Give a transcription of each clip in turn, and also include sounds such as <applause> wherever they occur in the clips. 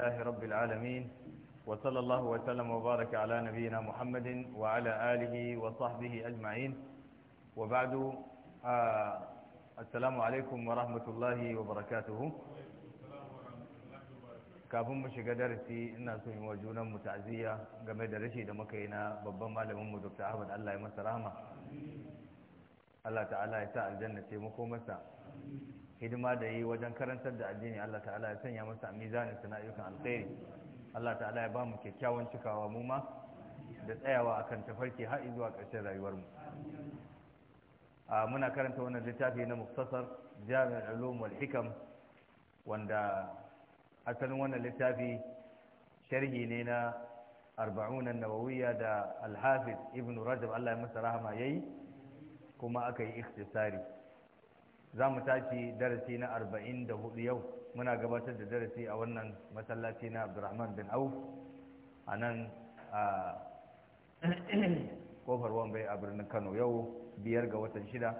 لله رب العالمين وصلى الله وسلم وبارك على نبينا محمد وعلى آله وصحبه أجمعين وبعد آه، السلام عليكم ورحمة الله وبركاته كابون مش قدر سي الناس يواجهون متعزية قم يدرشي دمكينا بابا مالي مم دكتور أحمد الله يمسى رحمه الله تعالى يساء الجنة مقومة hidima da yi wajen karantar da addini Allah ta'ala ya sanya masa a mizanin sana ayyukan alkhairi Allah ta'ala ya ba mu kyakkyawan cikawa mu ma da tsayawa akan tafarki har zuwa ƙarshen rayuwar mu muna karanta wannan littafi na muktasar jami'ar ulum wal hikam wanda asalin wannan littafi sharhi ne na arba'unan nawawiyya da alhafiz ibn rajab Allah ya masa rahama yayi kuma aka yi ikhtisari za mu tashi darasi na arba'in da hudu yau muna gabatar da darasi a wannan masallaci na abdurrahman bin auf a nan a <clears throat> kofar wambai a birnin kano yau biyar ga watan shida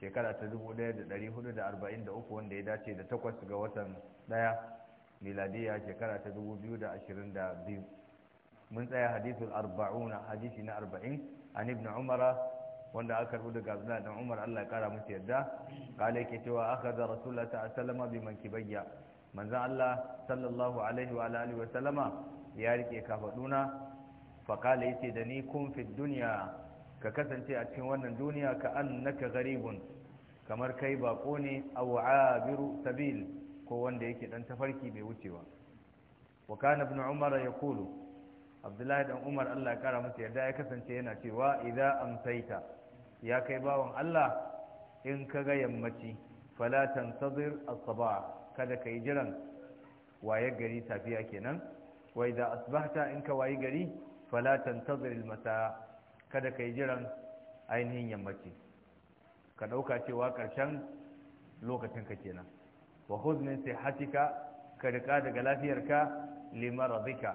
shekara ta 1443 wanda ya dace da takwas ga watan daya miladiya shekara ta 2022 mun tsaya hadithul arba'una hadisi na arba'in an ibn umara wanda aka rubu daga Abdullah dan Umar Allah ya kara musu yadda kale yake cewa aka rasulullah sallallahu alaihi wasallam bi mankibayya manzan Allah sallallahu alaihi wa alihi wa salama ya rike kafaduna fakala kale yace da ni kun fi duniya ka kasance a cikin wannan duniya ka annaka gharibun kamar kai bako ne aw abiru sabil ko wanda yake dan tafarki bai wucewa wa kana ibn umar kulu abdullahi dan umar Allah ya kara masa yadda ya kasance yana cewa idza amsayta ya kai bawan Allah in ka ga yammaci Falatan sadir as kada ka yi jiran waye gari safiya kenan Wai da asbahta in ka waye gari Falatan tantazir al-masa kada ka yi jiran ainihin yammaci ka ɗauka cewa karshen lokacin ka kenan wa khudh min sihhatika ka rika daga lafiyarka limaradika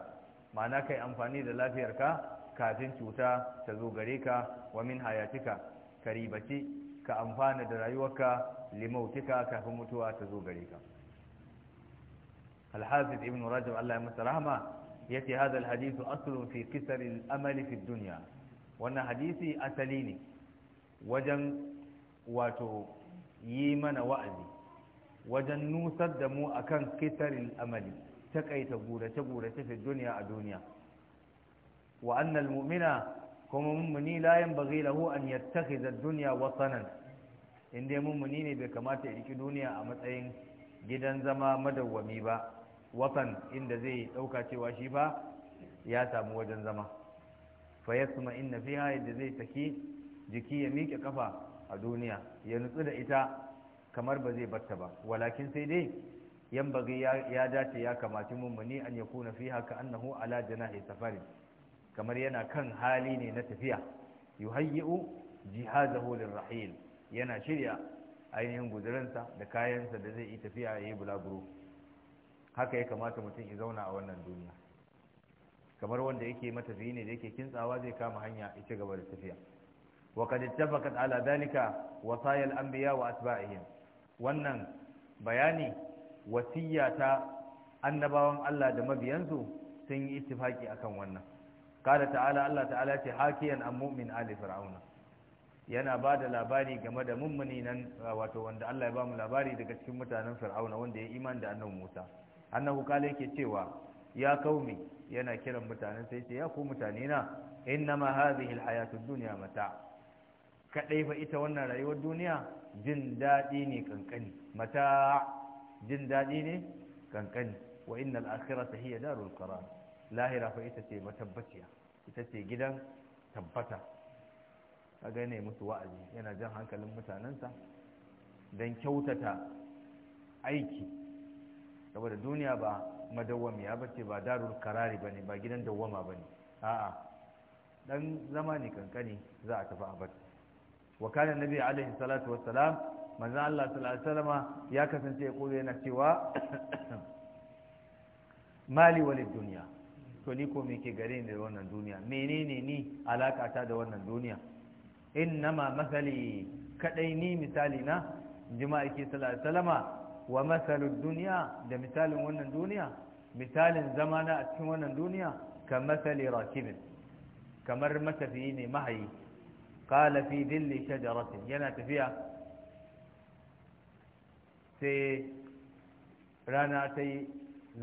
ma'ana kai amfani da lafiyarka kafin cuta ta zo gare ka wa min hayatika ka ribaci ka amfana da rayuwarka limautika kafin mutuwa ta zo gare ka al-hafiz ibn rajab Allah ya masa Rahama yace hadha al-hadith fi qisar al-amal fi dunya wannan hadisi asali ne wajen wato yi mana wa'azi wajen nusar da mu akan qisar al-amali takaita gurace gurace fi dunya a duniya wa anna al-mu'mina kuma mummuni la bagi lahu an yattakhidha duniya dunya watanan inda mummuni ne bai kamata ya riki duniya a matsayin gidan zama madawwami ba wasan inda zai dauka cewa shi ba ya samu wajen zama fa yasma inna fiha da zai saki jiki ya miƙe kafa a duniya ya nutsu da ita kamar ba zai batta ba walakin sai dai yan bagi ya dace ya kamata mummuni an ya kuna fiha ka annahu ala jana'i safarin kamar yana kan hali ne na tafiya yuhayyi'u holin rahil yana shirya ainihin guzurinsa da kayansa da zai yi tafiya ya yi bulaguro haka ya kamata mutum ya zauna a wannan duniya kamar wanda yake matafiyi ne da yake kintsawa zai kama hanya ya ci gaba da tafiya wa qad ittafaqat ala dhalika wasaya anbiya wa atba'ihim wannan bayani wasiyya ta annabawan Allah da mabiyansu sun yi ittifaki akan wannan kada ta'ala Allah ta'ala ce hakiyan an mu'min ali fir'auna yana ba da labari game da mummuni nan wato wanda Allah ya ba mu labari daga cikin mutanen fir'auna wanda ya iman da annabi Musa annahu kala yake cewa ya kaumi yana kiran mutanen sai ce ya ku mutane na innama hadhihi alhayatud dunya mata kadai fa ita wannan rayuwar duniya jin dadi ne kankani mata jin dadi ne kankani wa innal akhirata hiya darul qarar lahira fa ita ce matabbaciya ita ce gidan tabbata a gane musu wa'azi yana jan hankalin mutanensa don kyautata aiki saboda duniya ba madawwamiya ba ce ba darul karari ba ne ba gidan dawwama ba ne a'a dan zama ne kankani za a tafi abat wa kana nabi alaihi salatu wassalam manzo Allah sallallahu alaihi wasallam ya kasance ya kore yana cewa <coughs> mali walid duniya to ni ko me ke gare ni da wannan duniya menene ni ta da wannan duniya innama masali kadai ni misali na jima'i ke salama wa masalu duniya da misalin wannan duniya misalin zamana a cikin wannan duniya ka masali rakibin kamar matafiyi ne mahayi qala fi dilli shajaratin yana tafiya sai rana ta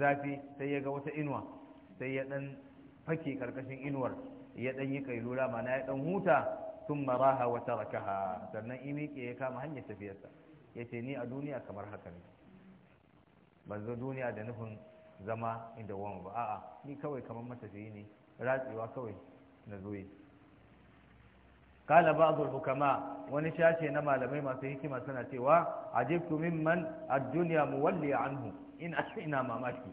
zafi sai ya ga wata inuwa sai ya dan fake karkashin inuwar ya dan yi kailula mana ya dan huta sun maraha wa tarakaha sannan imike ya kama hanyar tafiyarsa ya ce ni a duniya kamar haka ne ban zo duniya da nufin zama inda wani ba a'a ni kawai kamar matafiyi ne ratsewa kawai na zoye kala ba'dul hukama wani shashe na malamai masu hikima suna cewa ajibtu mimman mu dunya muwalli anhu ina ina mamaki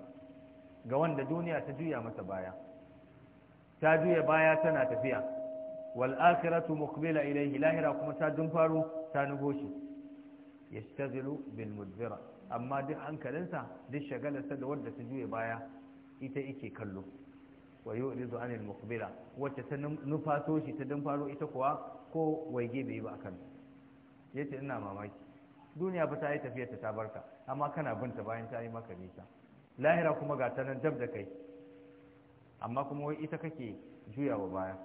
ga wanda duniya ta juya masa baya ta juya baya tana tafiya wal akhiratu muqbila ilayhi lahira kuma ta dun faru ta nugo shi yastazilu bil mudbira amma duk hankalinsa duk shagalarsa da wanda ta juya baya ita yake kallo wa yu'ridu anil muqbila wacce ta nufato shi ta dun faru ita kuwa ko waige bai ba akan yace ina mamaki duniya ba ta yi tafiyarta ta barka amma kana binta bayan ta yi maka nisa lahira kuma ga ta dab da kai amma kuma wai ita kake juya wa baya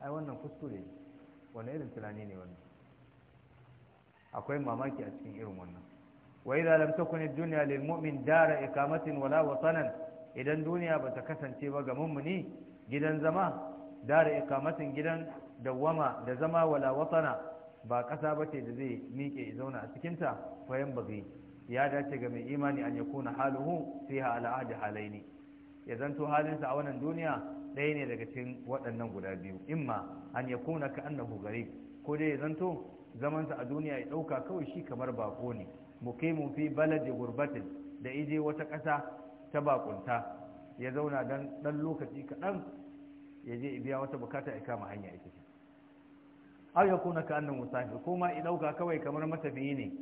ai wannan kuskure ne wani irin tunani ne wannan akwai mamaki a cikin irin wannan wa idza lam takun ad-dunya lil mu'min dara iqamatin wala watanan idan duniya bata kasance ba ga mumuni gidan zama dara iqamatin gidan dawama da zama wala watana ba kasa bace da zai miƙe zauna a cikin cikinta fayan bagi ya dace ga mai imani an yakuna haluhu fiha ala ahdi halaini ya zanto halinsa a wannan duniya ɗaya ne daga cikin waɗannan guda biyu imma an yakuna ka annahu garib ko dai ya zanto zamansa a duniya ya ɗauka kawai shi kamar bako ne mukimin fi baladi gurbatin da ije wata ƙasa ta bakunta ya zauna dan ɗan lokaci kaɗan ya je biya wata bukata ya kama hanya ita ce aw ka annahu musafir ko ma ya ɗauka kawai kamar matafiyi ne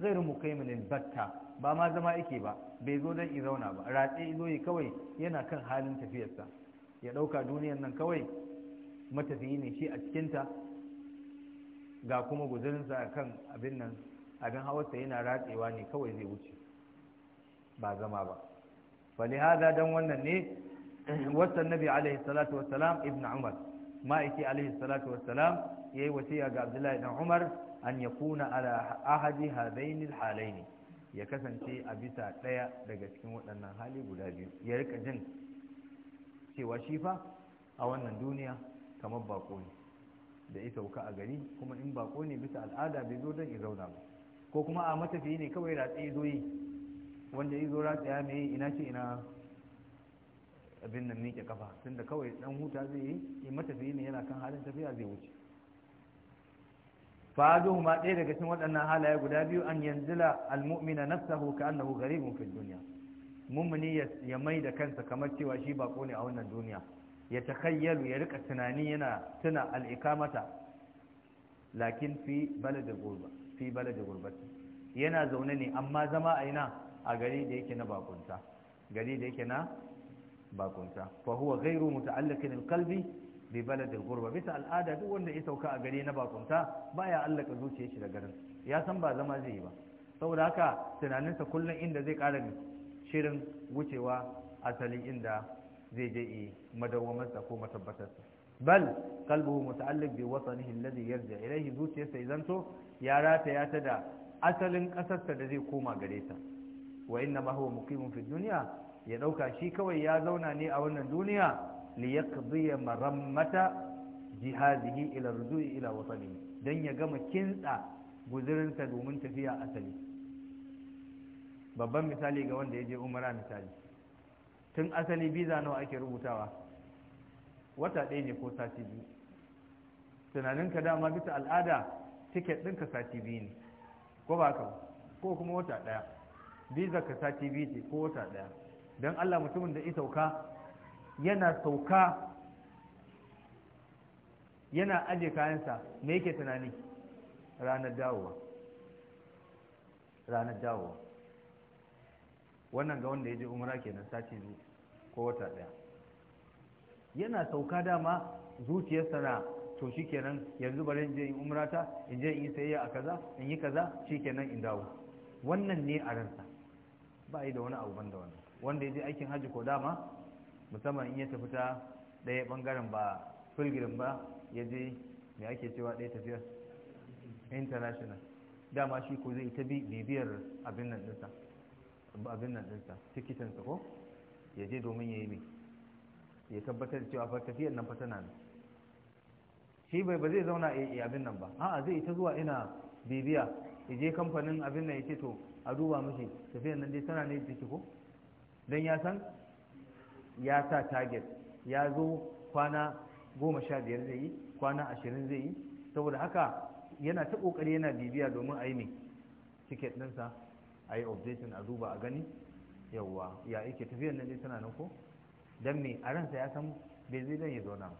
zai rumu kai min batta ba ma zama yake ba bai zo don i zauna ba ratse izo yi kawai yana kan halin tafiyarsa ya ɗauka duniyan nan kawai matafiyi ne shi a cikinta ga kuma guzurinsa a kan abin nan abin hawarsa yana ratsewa ne kawai zai wuce ba zama ba falihaza don wannan ne wasan nabi alaihi salatu wassalam ibn umar ma'aiki alaihi salatu wassalam ya yi wasiya ga abdullahi dan umar an yakuna ala ahadi hadaini halaini ya kasance a bisa ɗaya daga cikin waɗannan hali guda biyu ya rika jin cewa shi fa a wannan duniya kamar bako ne da ita sauka a gari kuma in bako ne bisa al'ada bai zo don ya zauna ba ko kuma a matafiyi ne kawai ratsi zo yi wanda ya zo ratsi ya mai ina ce ina abin nan miƙe kafa tunda kawai dan huta zai yi matafiyi ne yana kan halin tafiya zai wuce ma ɗaya daga cikin waɗannan halaye guda biyu an yanzila almu'mina nafsahu annahu gharibun fid dunya mumuni ya mai da kansa kamar cewa shi bako ne a wannan duniya ya takhayyalu ya rika tunani yana tuna al'ikamata lakin fi balad gurba fi gurbati yana zaune ne amma zama a ina a gari da yake na bakunta gari da yake na bakunta fa huwa alqalbi bi baladin gurba bisa al'ada duk wanda ya sauka a gare na bakunta baya allaka zuciyar shi da garin ya san ba zama zai yi ba saboda haka tunaninsa kullum inda zai kara shirin wucewa asali inda zai je yi madawwamarsa ko matabbatarsa bal qalbuhu muta'alliq bi watanihi alladhi yarja ilayhi zuciyarsa izanto ya rataya ta da asalin kasarsa da zai koma gare ta wa inna ma huwa muqimun fi dunya ya dauka shi kawai ya zauna ne a wannan duniya liyaqdiya marammata jihadihi ila rujui ila watani dan ya gama kintsa guzurinsa domin tafiya asali babban misali ga wanda ya je umara misali tun asali biza nawa ake rubutawa wata ɗaya ne ko sati biyu tunaninka dama bisa al'ada tiket ɗin ka sati biyu ne ko ba ka ko kuma wata ɗaya biza ka sati biyu ce ko wata ɗaya don allah mutumin da isauka yana sauka yana aje kayansa me yake tunani ranar dawowa ranar dawowa wannan ga wanda ya je umara kenan sati biyu ko wata daya yana sauka dama zuciyarsa na to shikenan yanzu bari in je in ta in je in yi sayayya a kaza in yi kaza shikenan in dawo wannan ne a ransa ba yi da wani abu banda wannan wanda ya je aikin hajji ko dama musamman in ya tafi ta ɗaya ɓangaren ba fulgirin ba ya je mai ake cewa ɗaya tafiyar international dama shi ko zai ta bibiyar abin nan ɗinsa abin nan ɗinsa tikitinsa ko ya je domin ya yi mai ya tabbatar cewa fa tafiyar nan fata na nan shi bai ba zai zauna a abin nan ba a'a zai ta zuwa ina bibiya ya je kamfanin abin nan ya ce to a duba miki tafiyar nan dai tana ne ciki ko don ya san ya sa target ya zo kwana goma sha biyar zai yi kwana ashirin zai yi saboda haka yana ta kokari yana bibiya domin a yi mai ticket ɗinsa a yi updating a duba a gani yawwa ya yake tafiyar nan dai tana nan ko don me a ransa ya san bai zai dan ya zauna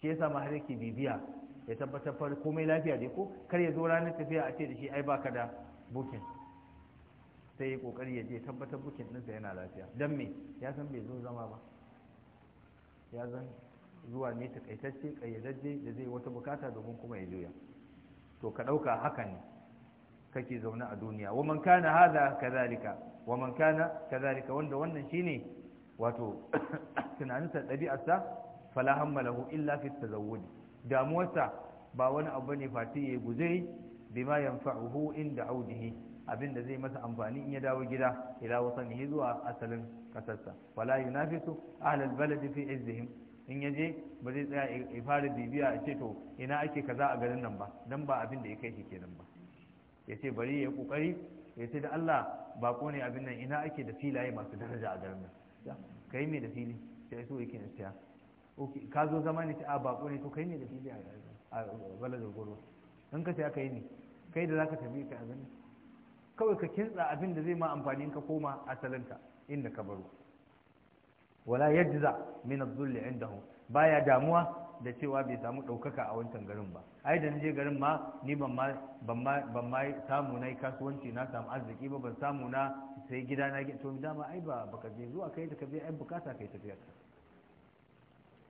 shi yasa ma har yake bibiya ya tabbatar komai lafiya dai ko kar ya zo ranar tafiya a ce da shi ai baka da booking sai ya kokari ya je tabbatar bukin ɗinsa yana lafiya don me ya san bai zo zama ba ya zan zuwa ne takaitacce kayyadajje da zai wata bukata domin kuma ya juya to ka ɗauka haka ne kake zaune a duniya wa man kana hada kazalika wa man kana kazalika wanda wannan shine wato <coughs> tunaninsa ɗabi'arsa fala hamma lahu illa fi tazawwud damuwarsa ba wani abu ne fati ya guzai bima yanfa'uhu inda audihi abin da zai masa amfani in ya dawo gida ila wasanihi zuwa asalin kasarsa wala yunafisu ahlal baladi fi izzihim in ya je ba zai tsaya ya fara bibiya a ce to ina ake kaza a garin nan ba dan ba abin da ya kai shi kenan ba ya ce bari ya kokari ya ce da Allah ko ne abin nan ina ake da filaye masu daraja a garin nan kai me da fili sai so yake na siya ka zo zama ne a ko ne to kai ne da fili a baladar goro in ka sai aka yi ne kai da zaka tafi ka a kawai ka kintsa abin da zai ma amfani ka koma asalinka inda ka baro wala yajza min adh-dhulli indahu baya damuwa da cewa bai samu ɗaukaka a wancan garin ba ai da je garin ma ni ban ma ban ma samu nai kasuwanci na samu arziki ba ban samu na sai gida na to dama ai ba baka je zuwa kai da ka je ai bukata kai tafiyar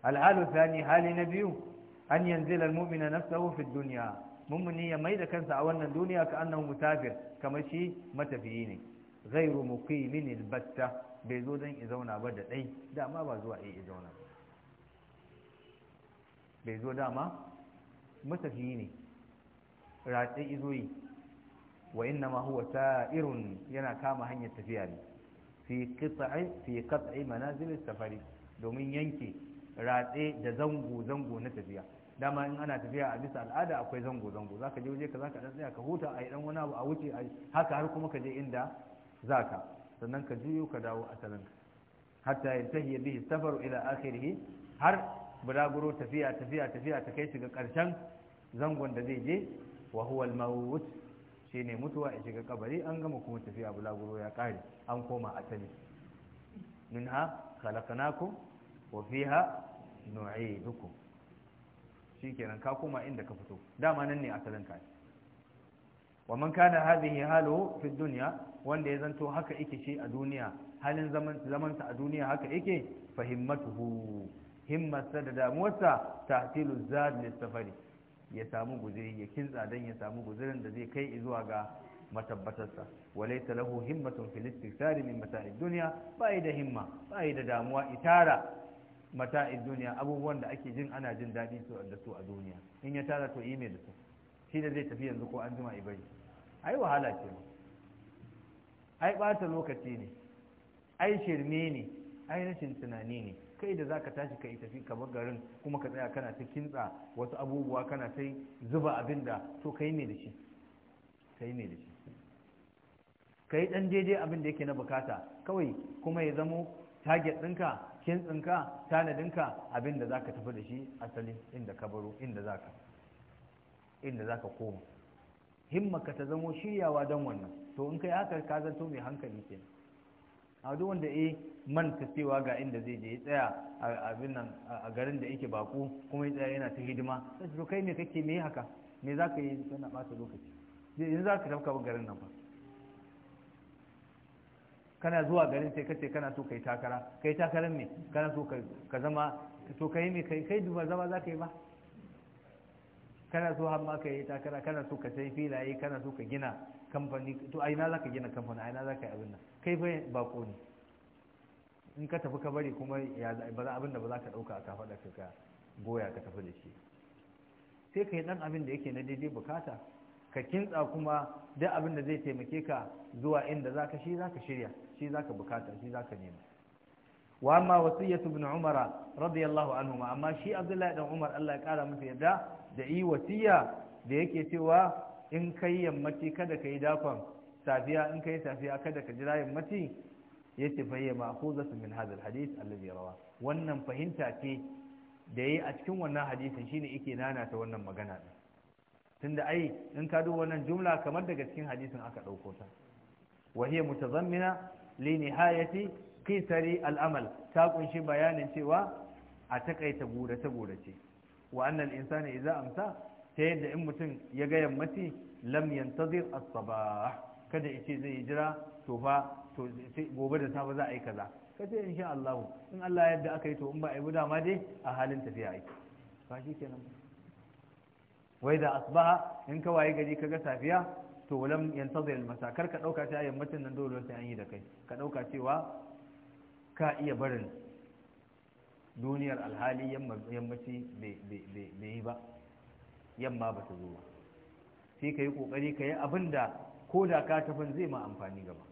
al al'alu thani hali na biyu an yanzila al-mu'mina nafsuhu fi dunya mummuni ya mai da kansa a wannan duniya ka annahu musafir kamar shi matafiyi ne ghairu muqimin albatta bai zo dan ya zauna ba da dai dama ba zuwa ya zauna bai zo dama matafiyi ne ratse izo yi wa inna ma huwa sa'irun yana kama hanyar tafiya ne fi qit'i fi qit'i manazil safari domin yanke ratse da zango zango na tafiya dama in ana tafiya a bisa al'ada akwai zango zango zaka je waje za ka dan tsaya ka huta a yi dan wani abu a wuce haka har kuma ka je inda zaka sannan ka juyo ka dawo asalin hatta yantahi bihi safaru ila akhirih har bulaguro tafiya tafiya tafiya ta kai shiga karshen zangon da zai je wa huwa al-maut shine mutuwa ya shiga kabari an gama kuma tafiya bulaguro ya kare an koma asali minha khalaqnakum wa fiha nu'idukum shikenan ka koma inda ka fito dama nan ne asalin ka wa man kana hadhihi halu fi dunya wanda ya zanto haka yake shi a duniya halin zaman zaman sa a duniya haka yake fahimmatuhu himmatsa da damuwarsa tahtilu zad li safari ya samu guzuri ya kin dan ya samu guzurin da zai kai zuwa ga matabbatarsa walaita lahu himmatun fil istisari min mata'id dunya bai da himma ba'ida da damuwa itara mata'id duniya abubuwan da ake jin ana jin daɗi su da su a duniya in ya tara to yi mai da su shi da zai tafi yanzu ko an jima ibai ai wahala ce ai ɓata lokaci ne ai shirme ne ai rashin tunani ne kai da zaka tashi ka tafi ka bar garin kuma ka tsaya kana ta kintsa wasu abubuwa kana ta zuba abin da to kai mai da shi kai mai da shi kai dan daidai abin da yake na bukata kawai kuma ya zamo target ɗinka kintsinka tanadinka abin da za ka tafi da shi asali inda ka baro inda za ka inda za ka koma himmaka ta zamo shiryawa don wannan to in ka yi haka ka zanto mai hankali kenan a duk wanda eh manta cewa ga inda zai je ya tsaya a garin da yake bako kuma ya tsaya yana ta hidima sai to kai me kake me haka me za ka yi kana bata lokaci yanzu za ka tafka garin nan ba kana zuwa garin sai kace kana so kai takara kai takaran ne kana so ka zama to kai me kai kai duba zama za ka yi ba kana so har ma ka yi takara kana so ka sai filaye kana so ka gina kamfani to a ina za ka gina kamfani a ina za ka yi abin nan kai fa bako ne in ka tafi ka bari kuma ya ba abin da ba za ka ɗauka a kafaɗa ka goya ka tafi da shi sai ka yi ɗan abin da yake na daidai bukata ka kintsa kuma duk abin da zai taimake ka zuwa inda zaka shi ka shirya shi ka bukata shi ka nema wa amma wasiyatu ibn umar radiyallahu anhu amma shi abdullahi dan umar Allah ya kara masa yarda da yi wasiya da yake cewa in kai yammaci kada ka yi dakon safiya in kai safiya kada ka jira yammaci yace fa hiya ma'khuzatu min hadha alhadith alladhi rawa wannan fahimta ce da yayi a cikin wannan hadisin shine yake nana ta wannan magana din Tun da ai in ka duba wannan jumla kamar daga cikin hadisin aka ɗauko ta wa hiya mutazammina li nihayati qisari al'amal ta kunshi bayanin cewa a takaita gurace gurace wa annal insana idza amsa ta yadda in mutum ya ga yammaci lam yantazir as-sabah kada yace zai jira to fa to gobe da safe za a yi kaza kace insha Allah in Allah yadda aka yi to in ba a yi dama dai a halin tafiya ake ba shi kenan wai da asbaha in ka waye gari kaga safiya to lam yantazir almasa kar ka dauka ta yammacin nan dole sai an yi da kai ka dauka cewa ka iya barin duniyar alhali yammaci bai yi ba yamma ba ta zo ba sai ka yi kokari ka yi abin da ko da ka tafin zai ma amfani gaba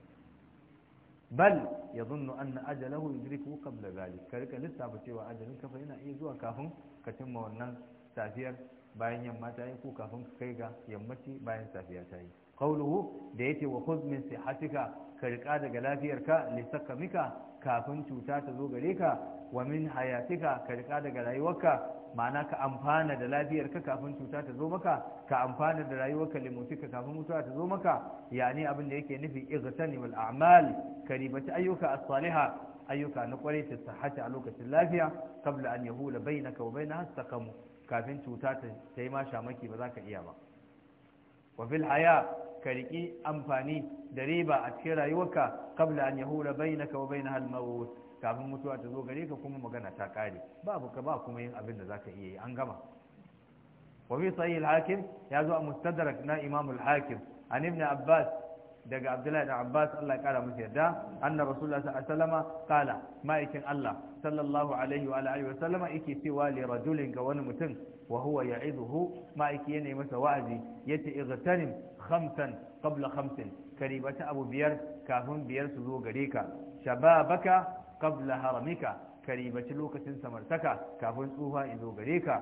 bal ya zunnu an na ajalahu yudriku qabla zalik ka rika lissafa cewa ajalin kafa yana iya zuwa kafin ka cimma wannan safiyar bayan yamma ta yi ko kafin ka kai ga yammaci bayan safiya ta yi qawluhu da yace wa khudh min sihatika ka rika daga lafiyarka li sakamika kafin cuta ta zo gare ka wa min hayatika ka rika daga rayuwarka ma'ana ka amfana da lafiyarka kafin cuta ta zo maka ka amfana da rayuwarka limutika kafin mutuwa ta zo maka yani abin da yake nufi igtani wal a'mal ka ribata ayyuka as-saliha ayyuka na kwarai ta sahhata a lokacin lafiya qabla an yahula bainaka wa bainaha saqamu kafin cuta ta yi ma shamaki ba za ka iya ba wafil haya ka riƙi amfani da riba a cikin rayuwarka kabla an yahura bainaka wa bainahal maut kafin mutuwa ta zo gare ka kuma magana ta kare babu ka ba kuma yin abin da zaka iya yi an gama Wafi sa'il sahih hakim ya zo a mustadrak na imam al-hakim an ibn abbas daga abdullahi da abbas allah ya kara musu yadda anna rasulullah sallallahu alaihi wasallama kala ma'aikin allah sallallahu alaihi wa alihi wa yake cewa li rajulin ga wani mutum wa huwa ya'iduhu ma'aiki yana masa wa'azi yace igtanim khamsan qabla khamsin karibata abu biyar kafin biyar su zo gare ka shababaka qabla haramika karibaci lokacin samartaka kafin tsufa izo gare ka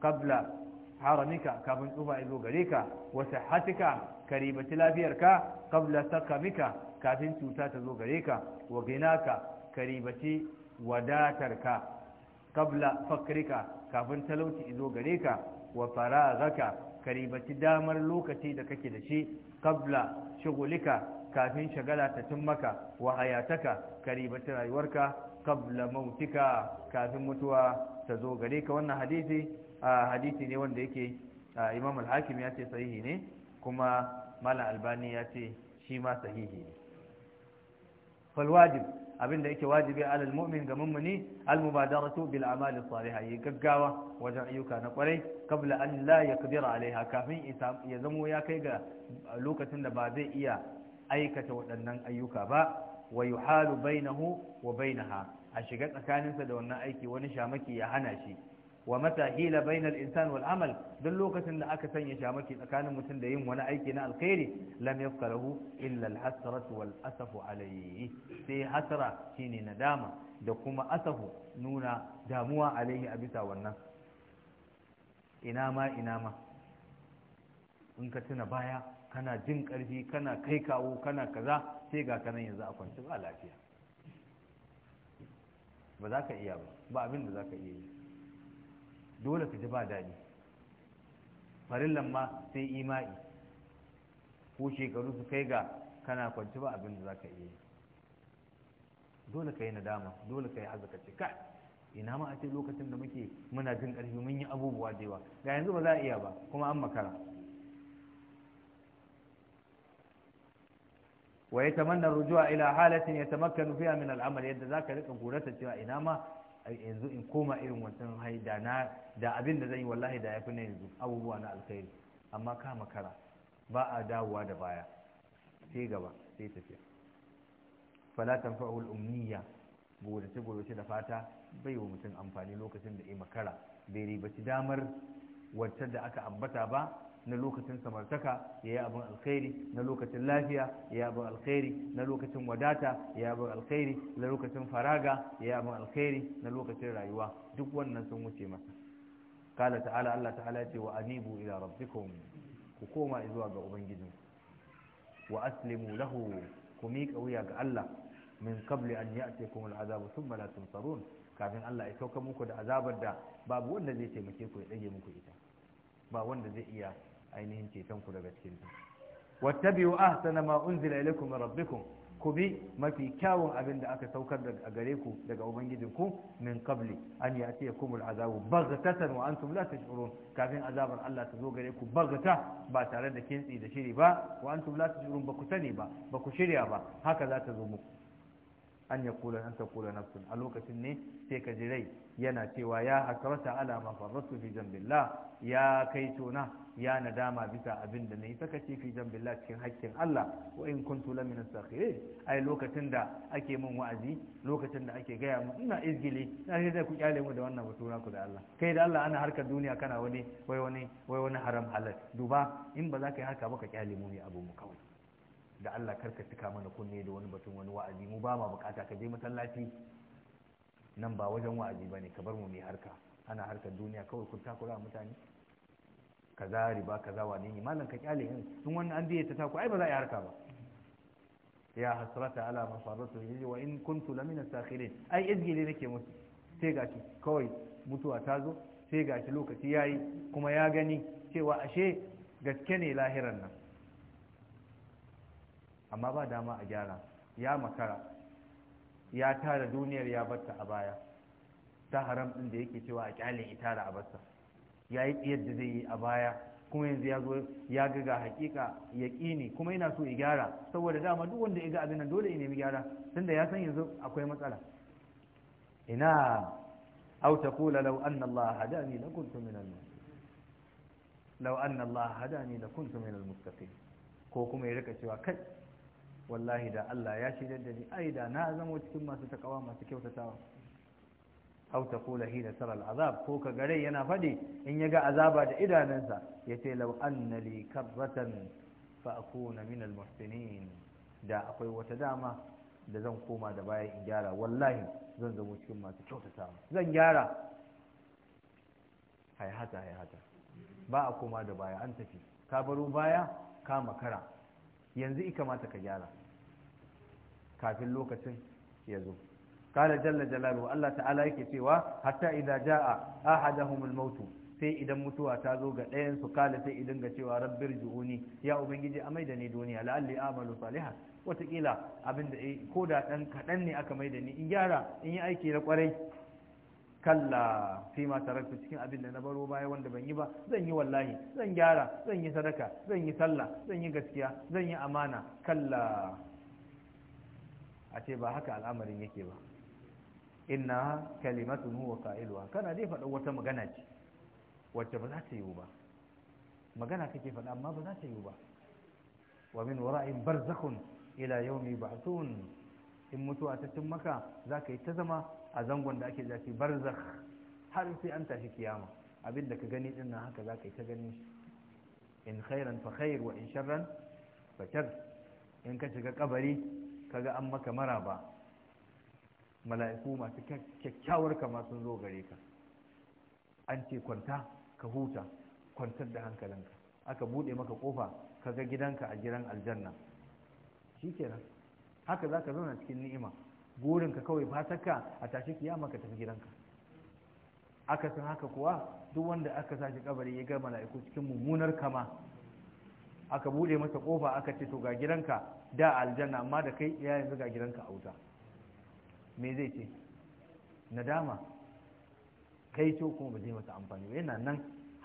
qabla haramika kafin tsufa zo gare ka wa hatika ka ribaci lafiyarka kabla sakamika kafin cuta ta zo gare ka wa gina ka ribaci wadatarka kabla fakrika kafin talauci izo gare ka wa faragaka ka ribaci damar lokaci da kake da shi kabla shagulika kafin shagala ta tun maka wa hayataka ka ribaci rayuwarka kabla mautika kafin mutuwa ta zo gare ka wannan hadisi hadisi ne wanda yake imam al-hakim ya ce sahihi ne kuma malam albani ya ce shi ma sahihi ne Falwajib wajib abinda yake wajibi alal mu'min ga mummuni mubadaratu bil a'mali salihah yi gaggawa wajen ayyuka na kwarai kabla an la yaqdira alaiha kafin ya zamo ya kai ga lokacin da ba zai iya aikata waɗannan ayyuka ba wa yuhalu bainahu wa bainaha a shiga tsakaninsa da wannan aiki wani shamaki ya hana shi wa mata hila bainal insan wal amal duk lokacin da aka sanya shamaki tsakanin mutum da yin wani aiki na alkhairi lam yafqahu illa al hasratu wal asafu alayhi sai hasra shine nadama da kuma asafu nuna damuwa alayhi a bisa wannan ina ma ina ma in ka tuna baya kana jin karfi kana kai kawo kana kaza sai ga ka nan yanzu a kwanci ba lafiya ba za ka iya ba ba abin da za ka iya yi dole su ji ba daɗi farillan ma sai ima'i ko shekaru su kai ga kana kwanci ba abin da za ka iya dole ka yi nadama dole ka yi ce kai ina ma a ce lokacin da muke muna jin ƙarfi mun yi abubuwa da yawa ga yanzu ba za a iya ba kuma an makara wa ya tamanna rujua ila halatin ya tamakkanu fiha min al'amal yadda zaka rika gurata cewa ina ma yanzu in koma irin wancan hai da na da abin da zan yi wallahi da yafi na yanzu abubuwa na alkhairi amma ka makara ba a dawowa da baya sai gaba sai tafiya fala tanfa'u al-umniya godace godace da fata bai wa mutum amfani lokacin da ya makara bai ribaci damar wacce da aka ambata ba na lokacin samartaka ya yi abin alkhairi na lokacin lafiya ya yi abin alkhairi na lokacin wadata ya yi abin alkhairi na lokacin faraga ya yi abin alkhairi na lokacin rayuwa duk wannan sun wuce masa kala ta'ala Allah ta'ala ya ce wa anibu ila rabbikum ku koma zuwa ga Ubangijin. wa aslimu lahu ku miƙa wuya ga Allah min qabli an ya'tikum al'azabu thumma la tunsarun kafin Allah ya sauka muku da azabar da babu wanda zai taimake ku ya dage muku ita ba wanda zai iya ainihin ceton ku daga cikin ta wattabi'u ahsana ma unzila ilaykum min rabbikum ku bi mafi kyawun abin da aka saukar da gare ku daga ubangijin ku min qabli an ya'tiyakum al'azabu baghtatan wa antum la tash'urun kafin azabar Allah ta zo gare ku baghta ba tare da kintsi da shiri ba wa antum la tash'urun ba ku sani ba ba ku shirya ba haka za ta zo muku an yaqula an taqula nafsun a lokacin ne sai ka ji rai yana cewa ya hasrata ala ma farratu fi jambillah ya kai tona ya nadama bisa abin da na nayi sakaci fi billah cikin hakkin Allah wa in kuntu la min as ai lokacin da ake min wa'azi lokacin da ake gaya mun ina izgili na sai ku kyale mu da wannan batura ku da Allah kai da Allah ana harkar duniya kana wani wai wani wai wani haram halal duba in ba za ka yi haka ba ka kyale mu ne abu mu kawai da Allah kar ka cika mana kunne da wani batun wani wa'azi mu ba ma bukata ka je masallaci nan ba wajen wa'azi bane ka bar mu mai harka ana harkar duniya kawai kun takura mutane kaza riba kaza wane ne malam ka kyale in sun wannan an biye ta taku ai ba za a yi harka ba ya hasrata ala ma faratu yaji wa in kuntu lamina sakhirin ai izgili nake musu sai gashi kawai mutuwa ta zo sai gashi lokaci yayi kuma ya gani cewa ashe gaske ne lahiran nan amma ba dama a gyara ya makara ya tara duniyar ya batta a baya ta haram din da yake cewa a kyale ita a batta ya yi tsiyar zai yi a baya kuma yanzu ya zo ya ga ga hakika ya ƙini kuma yana so ya gyara saboda dama duk wanda ya ga abin nan dole ya nemi gyara tunda ya san yanzu akwai matsala ina aw taqula law anna Allah hadani ni min al law anna Allah ko kuma ya rika cewa kai wallahi da Allah ya shirya da ni ai da na zama cikin masu takawa masu kyautatawa aw kula hina tara azab ko ka gare yana fadi in ya ga azaba da idanunsa yace law anna li karratan fa akuna min muhsinin da akwai wata dama da zan koma da baya in gyara wallahi zan zama cikin masu kyautata zan gyara hayata hayata ba a koma da baya an tafi ka baro baya ka makara yanzu i kamata ka gyara kafin lokacin ya zo kala jalla jalaluhu Allah ta'ala yake cewa hatta idza jaa ahaduhumul maut sai idan mutuwa ta zo ga ɗayan su kala sai idan ga cewa rabbir juhuni ya ubangiji amai da ni duniya la'alli amalu saliha watakila abin da eh, ko da dan kadan ne aka mai da ni in gyara in yi aiki na kwarai kalla fi ma taraktu cikin abin da na baro baya wanda ban yi ba zan yi wallahi zan gyara zan yi sadaka zan yi sallah zan yi gaskiya zan yi amana kalla a ce ba haka al'amarin yake ba inna kalimatun huwa qailuha kana dai faɗa wata magana ce wacce ba za ta yiwu ba magana kake faɗa amma ba za ta yiwu ba wa min wara'in barzakhun ila yawmi ba'thun in mutuwa ta cin maka za ka yi ta zama a zangon da ake zafi barzakh har sai an tashi kiyama abin da ka gani din nan haka za ka yi ta gani in khairan fa khair wa in sharran fa shar in ka shiga kabari kaga an maka maraba mala'iku masu kyakkyawar kama sun zo gare ka an ce kwanta ka huta kwantar da hankalinka aka buɗe maka ƙofa ka ga gidanka a gidan aljanna Shi shikenan haka za ka zauna cikin ni'ima burinka kawai fatakka a tashi kiyama ka tafi gidanka aka san haka kuwa duk wanda aka sashi kabari ya ga mala'iku cikin mummunar kama aka buɗe masa ƙofa aka ce to ga gidanka da aljanna amma da kai ya yanzu ga gidanka a wuta me zai ce nadama kai to kuma ba zai masa amfani ba yana nan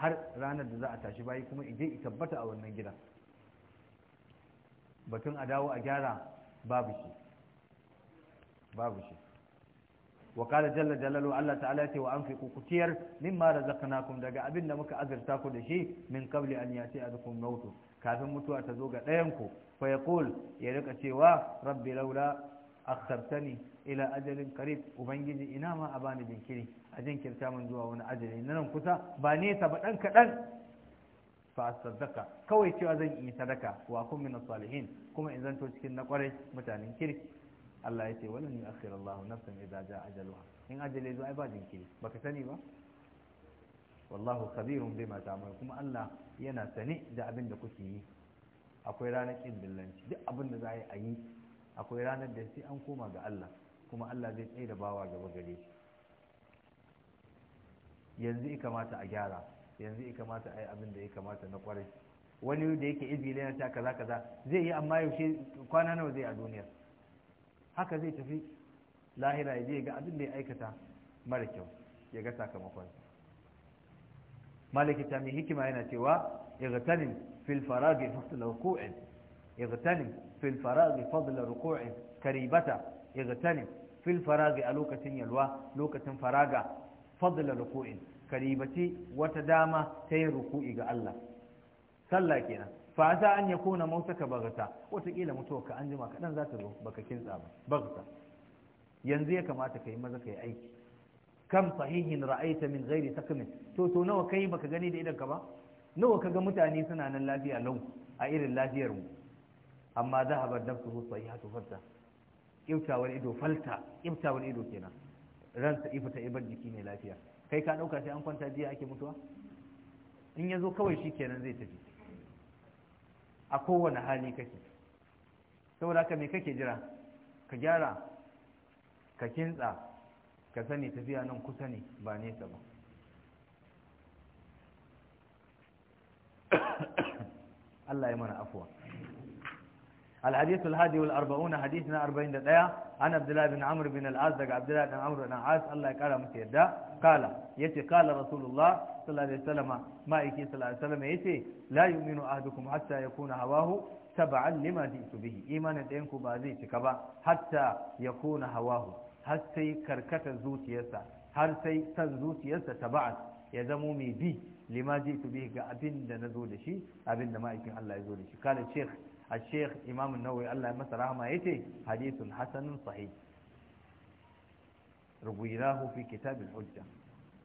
har ranar da za a tashi bayi kuma je i tabbata a wannan gida batun a dawo a gyara babu shi babu shi wa kala jalla jalalu Allah ta'ala ya ce wa anfiqu kutiyar mimma razaqnakum daga abin da muka azurta ku da shi min qabli an yati adukum maut kafin mutuwa ta zo ga ɗayan ku fa yaqul ya rika cewa rabbi laula akhartani ila ajalin karib ubangiji ina ma a bani jinkiri a jinkirta min zuwa wani ajali na nan kusa ba ta ba ɗan kaɗan fa sadaka kawai cewa zan yi sadaka wa kun min salihin kuma in zanto cikin na kwarai mutanen kirki Allah ya ce walan yu'akhir Allah nafsan idza jaa ajaluha in ajali zuwa ba jinkiri baka sani ba wallahu khabirun bima ta'mal kuma Allah yana sani da abin da kuke yi akwai ranar kin dillanci duk abin da za a yi akwai ranar da sai an koma ga Allah kuma Allah zai tsaye da bawa gaba gare shi yanzu ya kamata a gyara yanzu ya kamata a yi abin da ya kamata na kwarai wani da yake izgile na ta kaza kaza zai yi amma yaushe kwana nawa zai a duniya haka zai tafi lahira ya je ga abin da ya aikata mara kyau ya ga sakamakon malaki ta mai hikima yana cewa igtanim fil ruku'in igtanim fil ruku'in karibata ya zata ne fil faragi a lokacin yalwa lokacin faraga fadla ruku'in karibati wata dama ta yin ruku'i ga Allah sallah kenan fa za an yakuna mautaka bagata wataƙila mutuwarka an jima kaɗan za ta zo baka kintsa ba bagata yanzu ya kamata ka yi maza ka yi aiki kam sahihin ra'aita min ghairi takmin to to nawa kai baka gani da idan ka ba nawa kaga mutane suna nan lafiya lau a irin lafiyar mu amma zahabar nafsuhu sahihatu fadda kyautawar ido falta kyautawar ido kenan ransa ta ibar jiki mai lafiya kai ka ɗauka sai an kwanta jiya ake mutuwa in ya zo kawai shi kenan zai tafi a kowane hali kake saboda haka me kake jira ka gyara ka kintsa ka sani tafiya nan kusa ne ba nesa ba <coughs> Allah ya mana afuwa الحديث الهادي والأربعون حديثنا أربعين دقيقة عن عبد الله بن عمرو بن العاص دق عبد الله بن عمرو بن العاص الله يقال مسيدا قال يتي قال رسول الله صلى الله عليه وسلم ما يكي صلى الله عليه وسلم يتي لا يؤمن أحدكم حتى يكون هواه تبعا لما جئت به إيمانا دينكو بازي تكبا حتى يكون هواه har sai karkatar zuciyarsa har sai san zuciyarsa taba'at ya zamo mai bi lima jitu bihi ga abin da na zo da shi abin da ma'aikin Allah ya zo da shi kala sheikh a sheikh imamin nawawi Allah ya masa rahama yace hadithun hasanun sahih rubuirahu fi kitab hujja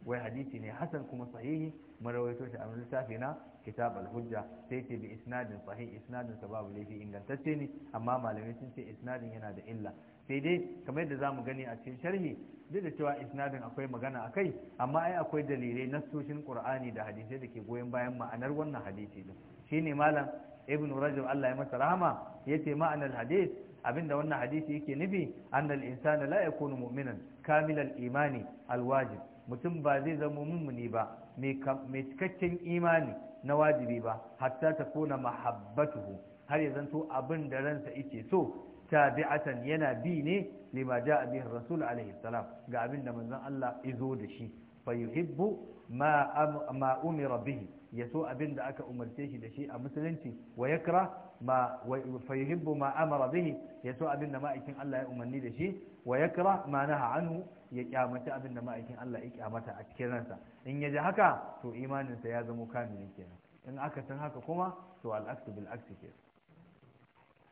wai hadisi ne Hassan kuma sahihi mun rawaito shi a littafi na kitab al-hujja sai ce bi isnadin sahi isnadin sa babu laifi ingantacce ne amma malamai sun ce isnadin yana da illa sai dai kamar yadda zamu gani a cikin sharhi duk da cewa isnadin akwai magana akai amma ai akwai dalilai nassoshin qur'ani da hadisai da ke goyon bayan ma'anar wannan hadisi din shine malam ibn rajab Allah ya masa rahama yace ma'anar hadith abinda wannan hadisi yake nufi annal insana la yakunu mu'minan kamilal imani alwajib mutum ba zai zama mummuni ba mai cikakken imani na wajibi ba hatta ta kona mahabbatuhu har ya zanto abin da ransa yake so tabi'atan yana bi ne lima ja'a bihi rasul alaihi salam ga abin da manzon Allah izo da shi fa yuhibbu ma ma umira bihi ya so abin da aka umarce shi da shi a musulunci wa kira ma fa yuhibbu ma amara bihi ya so abin da ma'aikin Allah ya umarni da shi wa kira ma naha anhu ya kyamata abin da ma'aikin Allah ya kyamata a cikin ransa in ya ji haka to imaninsa ya zama kamilin kenan in aka san haka kuma to al-aksu bil aksi ke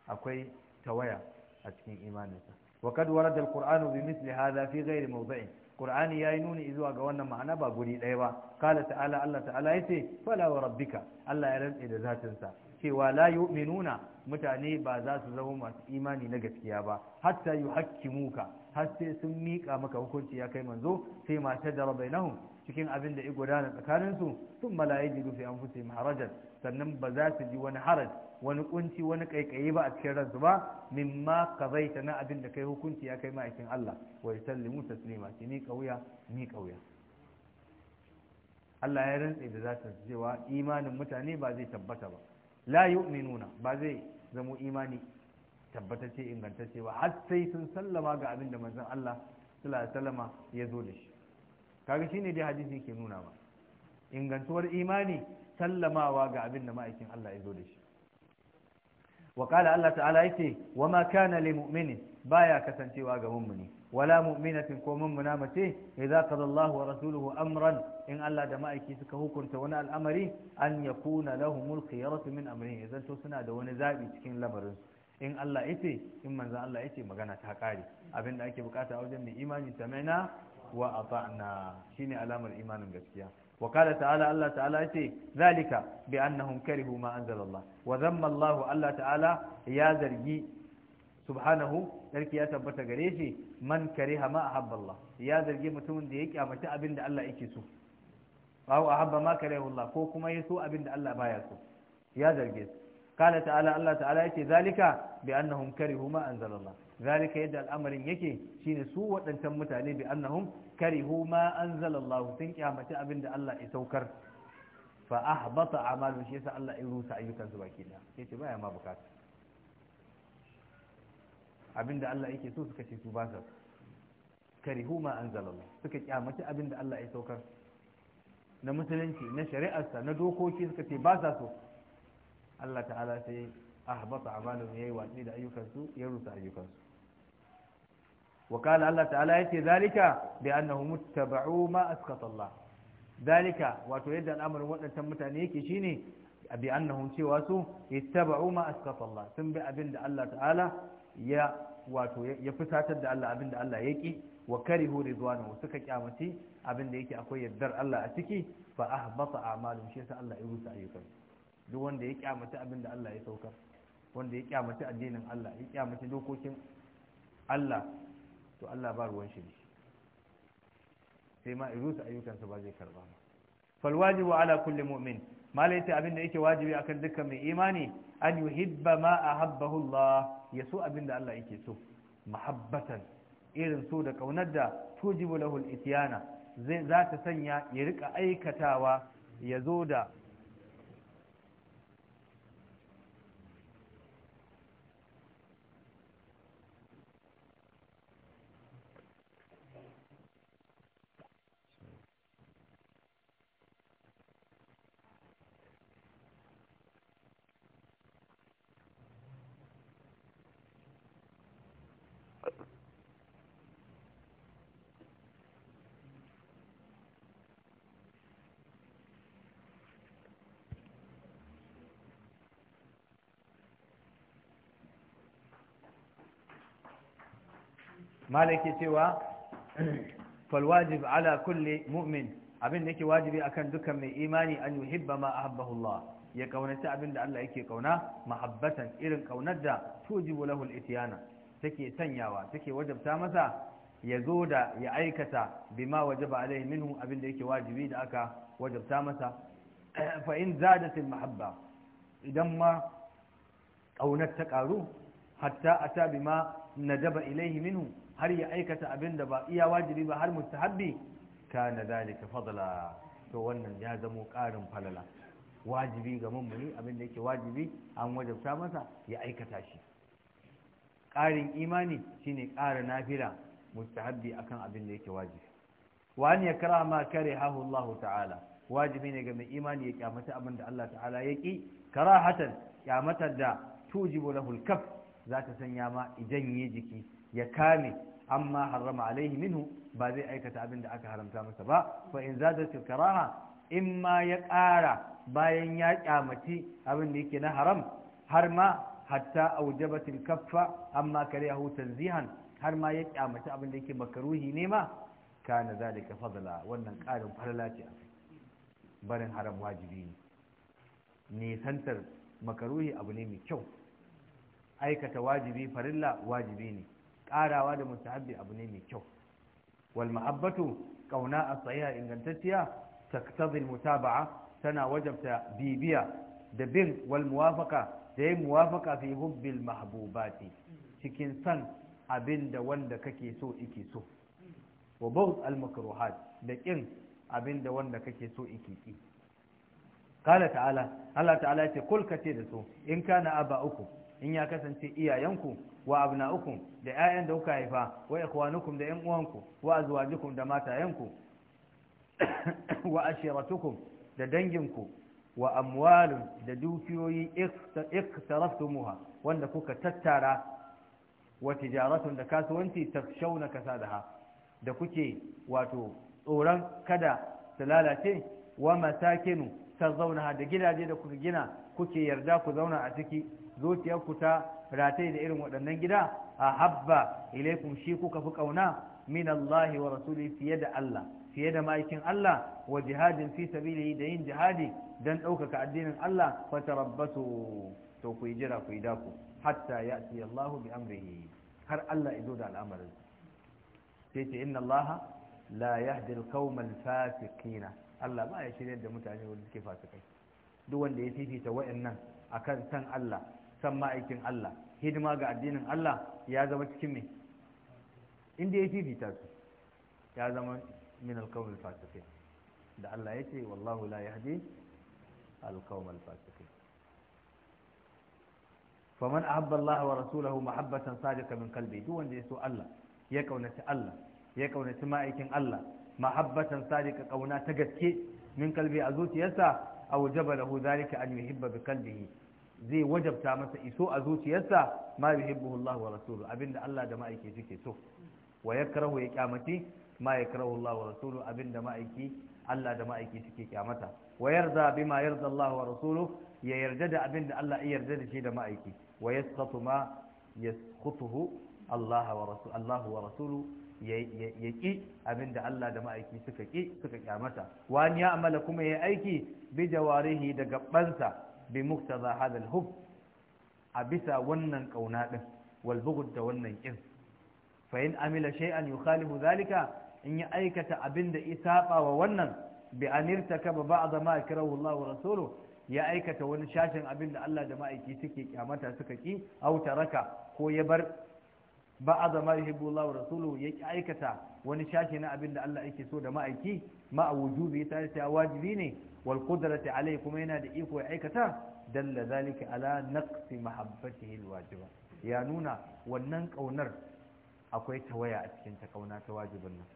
akwai tawaya a cikin imanin sa al ورد bi misli هذا fi غير موضعه qur'ani yi nuni izuwa ga wannan ma'ana ba guri ɗaya ba kala ta'ala Allah ta'ala ya ce, fala wa rabbika Allah ya rantse da zatin sa cewa la nuna? mutane ba za su zama masu imani na gaskiya ba hatta yuhakkimuka har sai sun miƙa maka hukunci ya kai manzo sai ma jarabai bainahum cikin abin da ya gudana tsakanin su sun malaye jiru fi anfusihim harajan sannan ba za su ji wani haraj wani kunci wani kaikayi ba a cikin ransu ba mimma kazaita na abin da kai hukunci ya kai ma'aikin Allah wa yusallimu taslima ki mi kauya Ni kauya Allah ya rantse da za ta cewa imanin mutane ba zai tabbata ba la yu'minuna ba zai zamo imani tabbatacce ingantacce ba har sai sun sallama ga abin da manzon Allah sallallahu alaihi wasallama ya zo da shi kaga shine dai hadisi ke nuna ma ingantuwar imani sallamawa ga abin da ma'aikin Allah ya zo da shi wa qala Allah ta'ala yace wa ma kana lil mu'mini baya kasancewa ga mu'mini wala mu'minatin ko mu'mina mace idza qada Allah wa rasuluhu amran in Allah da ma'aiki suka hukunta wani al'amari an yakuna ya khiyaratu min amrihi idan to suna da wani zabi cikin lamarin in Allah yace in manzo Allah yace magana ta kare abinda ake bukata a wajen mai imani sami'na wa ata'na shine alamar imanin gaskiya wa qala ta'ala Allah ta'ala yace zalika bi annahum karihu ma anzalallah wa zamma Allah Allah ta'ala ya zargi subhanahu sarki ya tabbata gare shi man kariha ma ahabba Allah ya zargi mutumin da ya kyamaci abin da Allah yake so aw ahabba ma karihu Allah ko kuma ya so abin da Allah baya so ya zarge su قال تعالى الله تعالى يكي ذلك بأنهم كرهوا ما أنزل الله ذلك يدى الأمر يكي شين سوء أن تمت عليه بأنهم كرهوا ما أنزل الله تنكي أمتاء بند الله يسوكر فأحبط أعمال شيسا الله يروس أيوكا زواكينا يتي بايا ما بكات abinda Allah yake so suka ce su ba sa karihu ma anzalallah suka kyamaci abinda Allah ya saukar na musulunci na shari'arsa na dokoki suka ce ba sa so Allah ta'ala sai ahbata amaluhum yayi watsi da ayyukansu ya rusa ayyukansu wa kana Allah ta'ala yace zalika bi annahum muttaba'u ma asqata Allah zalika wato yadda al'amarin waɗannan mutane yake shine bi annahum cewa su ittaba'u ma asqata Allah sun bi abinda Allah ta'ala ya wato ya fusatar da Allah abinda Allah yake wa karihu ridwanahu suka kyamaci abinda yake akwai yardar Allah a ciki fa ahbata a'malum shi yasa Allah ya rusa ayyukansu duk wanda ya kyamata abin Allah ya saukar wanda ya kyamata addinin Allah ya kyamata dokokin Allah to Allah ba ruwan shi sai ma irusa ayyukansa ba zai karba ba fal wajibu ala kulli mu'min malaita abin da yake wajibi akan dukkan mai imani an yuhibba ma ahabbahu Allah ya so abin da Allah yake so mahabbatan irin so da kaunar da tujibu lahu al-ityana zai za sanya ya rika aikatawa ya zo da malaki cewa falwajib ala kulle mu'min abin da yake wajibi akan duka mai imani an yuhibba ma ahabbahu ya kaunaci abin da Allah yake kauna mahabbatan irin kaunar da tujibu lahul itiyana take sanyawa take wajabta masa ya zo da ya aikata bima wajaba alaihi minhu abin da yake wajibi da aka wajabta masa <clears throat> fa in zadat al-mahabba idan ma kaunar ta karu hatta ata bima najaba ilaihi minhu har ya aikata abin da ba iya wajibi ba har mustahabbi kana zalika fadla to wannan ya zamo ƙarin falala wajibi ga mummuni abin da yake wajibi an wajabta masa ya aikata shi ƙarin imani shine ƙara nafira mustahabbi akan abin da yake wajibi wa an yakra ma karihahu Allah ta'ala wajibi ne ga mai imani ya kyamata abin da Allah ta'ala ya ki karahatan kyamatar da tujibu lahul kaf za ta sanya ma idan yi jiki ya kame amma harrama alaihi minhu ba zai aikata abin da aka haramta masa ba fa in zada karaha in ma ya ƙara bayan ya kyamaci abin da yake na haram har ma hatta aujabatil kaffa amma kariyahu tanzihan har ma ya kyamaci abin da yake makaruhi ne ma kana zalika fadla wannan ƙarin falala ce barin haram wajibi ne nisantar makaruhi abu ne mai kyau aikata wajibi farilla wajibi ne karawa da mustahabbi abu ne mai kyau wal mahabbatu kauna a tsayiya ingantacciya taktazil mutaba'a tana wajabta bibiya da bin wal muwafaka da yin muwafaka fi hubbil mahbubati cikin san abin da wanda kake so iki so wa al makruhat da kin abin da wanda kake so iki ki قال تعالى الله تعالى يقول كثير سو إن كان أبا in ya kasance iyayenku wa abna'ukum da ƴaƴan da kuka haifa wa ikhwanukum da ƴan uwanku wa azwajukum da matayenku <coughs> wa ashiratukum da danginku wa amwalun da dukiyoyi iktaraftumuha wanda kuka tattara wa tijaratun da kasuwanci takshawna kasadaha da kuke wato tsoron kada su lalace wa masakinu ta zauna da gidaje da kuka gina kuke yarda ku zauna a ciki ku ta rataye da irin waɗannan gida a habba ilaikum shi kuka fi ƙauna? min wa rasuli fiye da Allah fiye da ma'aikin Allah wa jihadin fi yi da yin jihadi dan ɗaukaka addinin Allah fa tarabbatu to ku jira ku yi hatta ya'ti Allah bi amrihi har Allah ya zo da al'amarin sai ce inna Allah la yahdi al fasiqina Allah ba ya shirya da mutane wanda suke fasikai duk wanda ya fifita wa'annan akan san Allah san ma'aikin Allah hidima ga addinin Allah ya zama cikin me inda ya fifita su ya zama min alkawul fasikin da Allah ya ce wallahu la ya yahdi alkawul fasikin faman ahabba Allah wa rasulahu mahabbatan sadiqa min qalbi duk wanda ya so Allah ya kaunaci Allah ya kaunaci ma'aikin Allah mahabbatan sadiqa kauna ta gaske min kalbi a zuciyarsa aw jaba lahu zalika an yuhibba bi qalbihi zai wajabta masa iso a zuciyarsa ma yuhibbuhu Allah wa rasuluhu abinda Allah da ma'aiki suke so wa yakrahu ya kyamaci ma yakrahu Allah wa rasuluhu abinda ma'aiki Allah da ma'aiki suke kyamata wa yarda bima yarda Allah wa rasuluhu ya yarda da abinda Allah ya yarda da shi da ma'aiki wa yasqatu ma yasqutuhu Allah wa rasuluhu Allah wa rasuluhu ya ƙi abinda Allah da ma'aiki suka ƙi suka kyamata wa ya amala kuma ya aiki bi jawarihi da gabansa bi muktaza hadal hub a bisa wannan kauna din wal da wannan kin fa in amila shay'an yukhalifu zalika in ya aikata abinda isaba wa wannan bi an irtakaba ba'd ma karahu Allah wa rasuluhu ya aikata wani shashin abinda Allah da ma'aiki suke kyamata suka ki au taraka ko ya bar ba'd ma yuhibbu Allah wa rasuluhu ya aikata wani shashi na abinda Allah yake so da ma'aiki ma wujubi ta wajibi ne wal alai kuma yana da iko ya aikata dalla zalika ala naqsi mahabbatihi wajiba. ya nuna wannan kaunar akwai tawaya a cikin ta ƙauna ta wajibin nan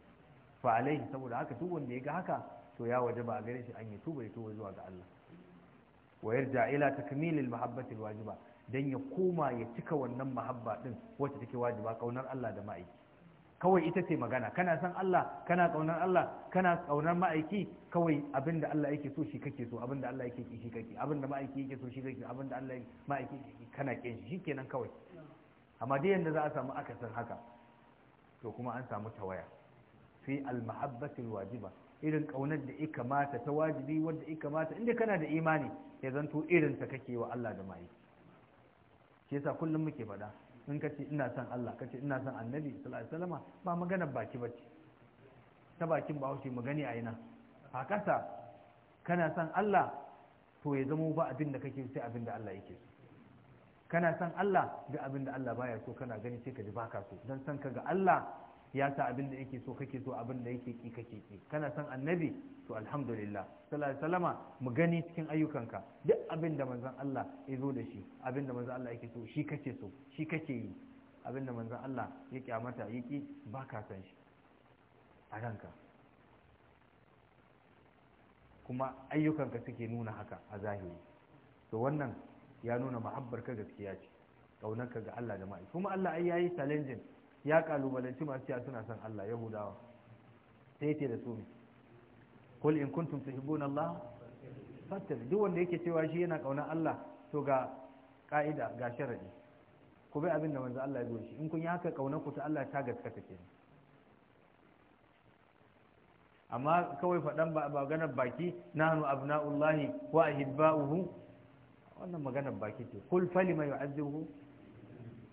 fa alaihi saboda haka duk wanda ya ga haka to ya wajaba a gare shi an yi tuba ya tuba zuwa ga Allah wa yarja ila takmilil mahabbati wajiba dan ya koma ya cika wannan mahabba din wacce take wajiba kaunar Allah da ma'aiki kawai ita ce magana kana san Allah kana kaunar Allah kana kaunar ma'aiki kawai abinda Allah yake so shi kake so abinda Allah yake ki shi kake abinda ma'aiki yake so shi kake abinda Allah ma'aiki kana kin shi shikenan kawai amma dai yanda za a samu akasin haka to kuma an samu tawaya fi al-mahabbati wajiba irin kaunar da ya kamata ta wajibi wanda ya kamata inda kana da imani ya zanto irin ta kake wa Allah da ma'aiki shi yasa kullum muke faɗa in ka ce ina son Allah ka ce ina son annabi sallallahu alaihi wasallama ba maganar baki bace ta bakin ba wuce magani a ina a ƙasa kana son Allah to ya zamo ba abin da kake sai abin da Allah yake so kana son Allah da abin da Allah baya so kana gani sai ka ji baka so dan san ka ga Allah ya sa abin da yake so kake so abin da yake ki kake ki kana son annabi to alhamdulillah sallallahu alaihi wasallama mu gani cikin ayyukanka duk abin da manzon Allah ya zo da shi abin da manzon Allah yake so shi kake so shi kake yi abin da manzon Allah ya kyamata ya ki ba ka san shi a ranka kuma ayyukanka suke nuna haka a zahiri to wannan ya nuna mahabbar ka gaskiya ce kaunarka ga Allah da ma'aikata kuma Allah ai yayi challenging ya kalubalanci masu cewa suna san Allah ya yahudawa sai ce da su ne. kul in kuntum tuhibbuna Allah fatta duk wanda yake cewa shi yana kaunar Allah to ga ka'ida ga sharadi ku bai abin da manzo Allah ya zo in kun yi haka kaunar ku ta Allah ta gaskata ke? amma kawai faɗan ba maganar baki nahnu abna'ullahi wa ahibba'uhu wannan maganar baki ce kul falima yu'azzibuhu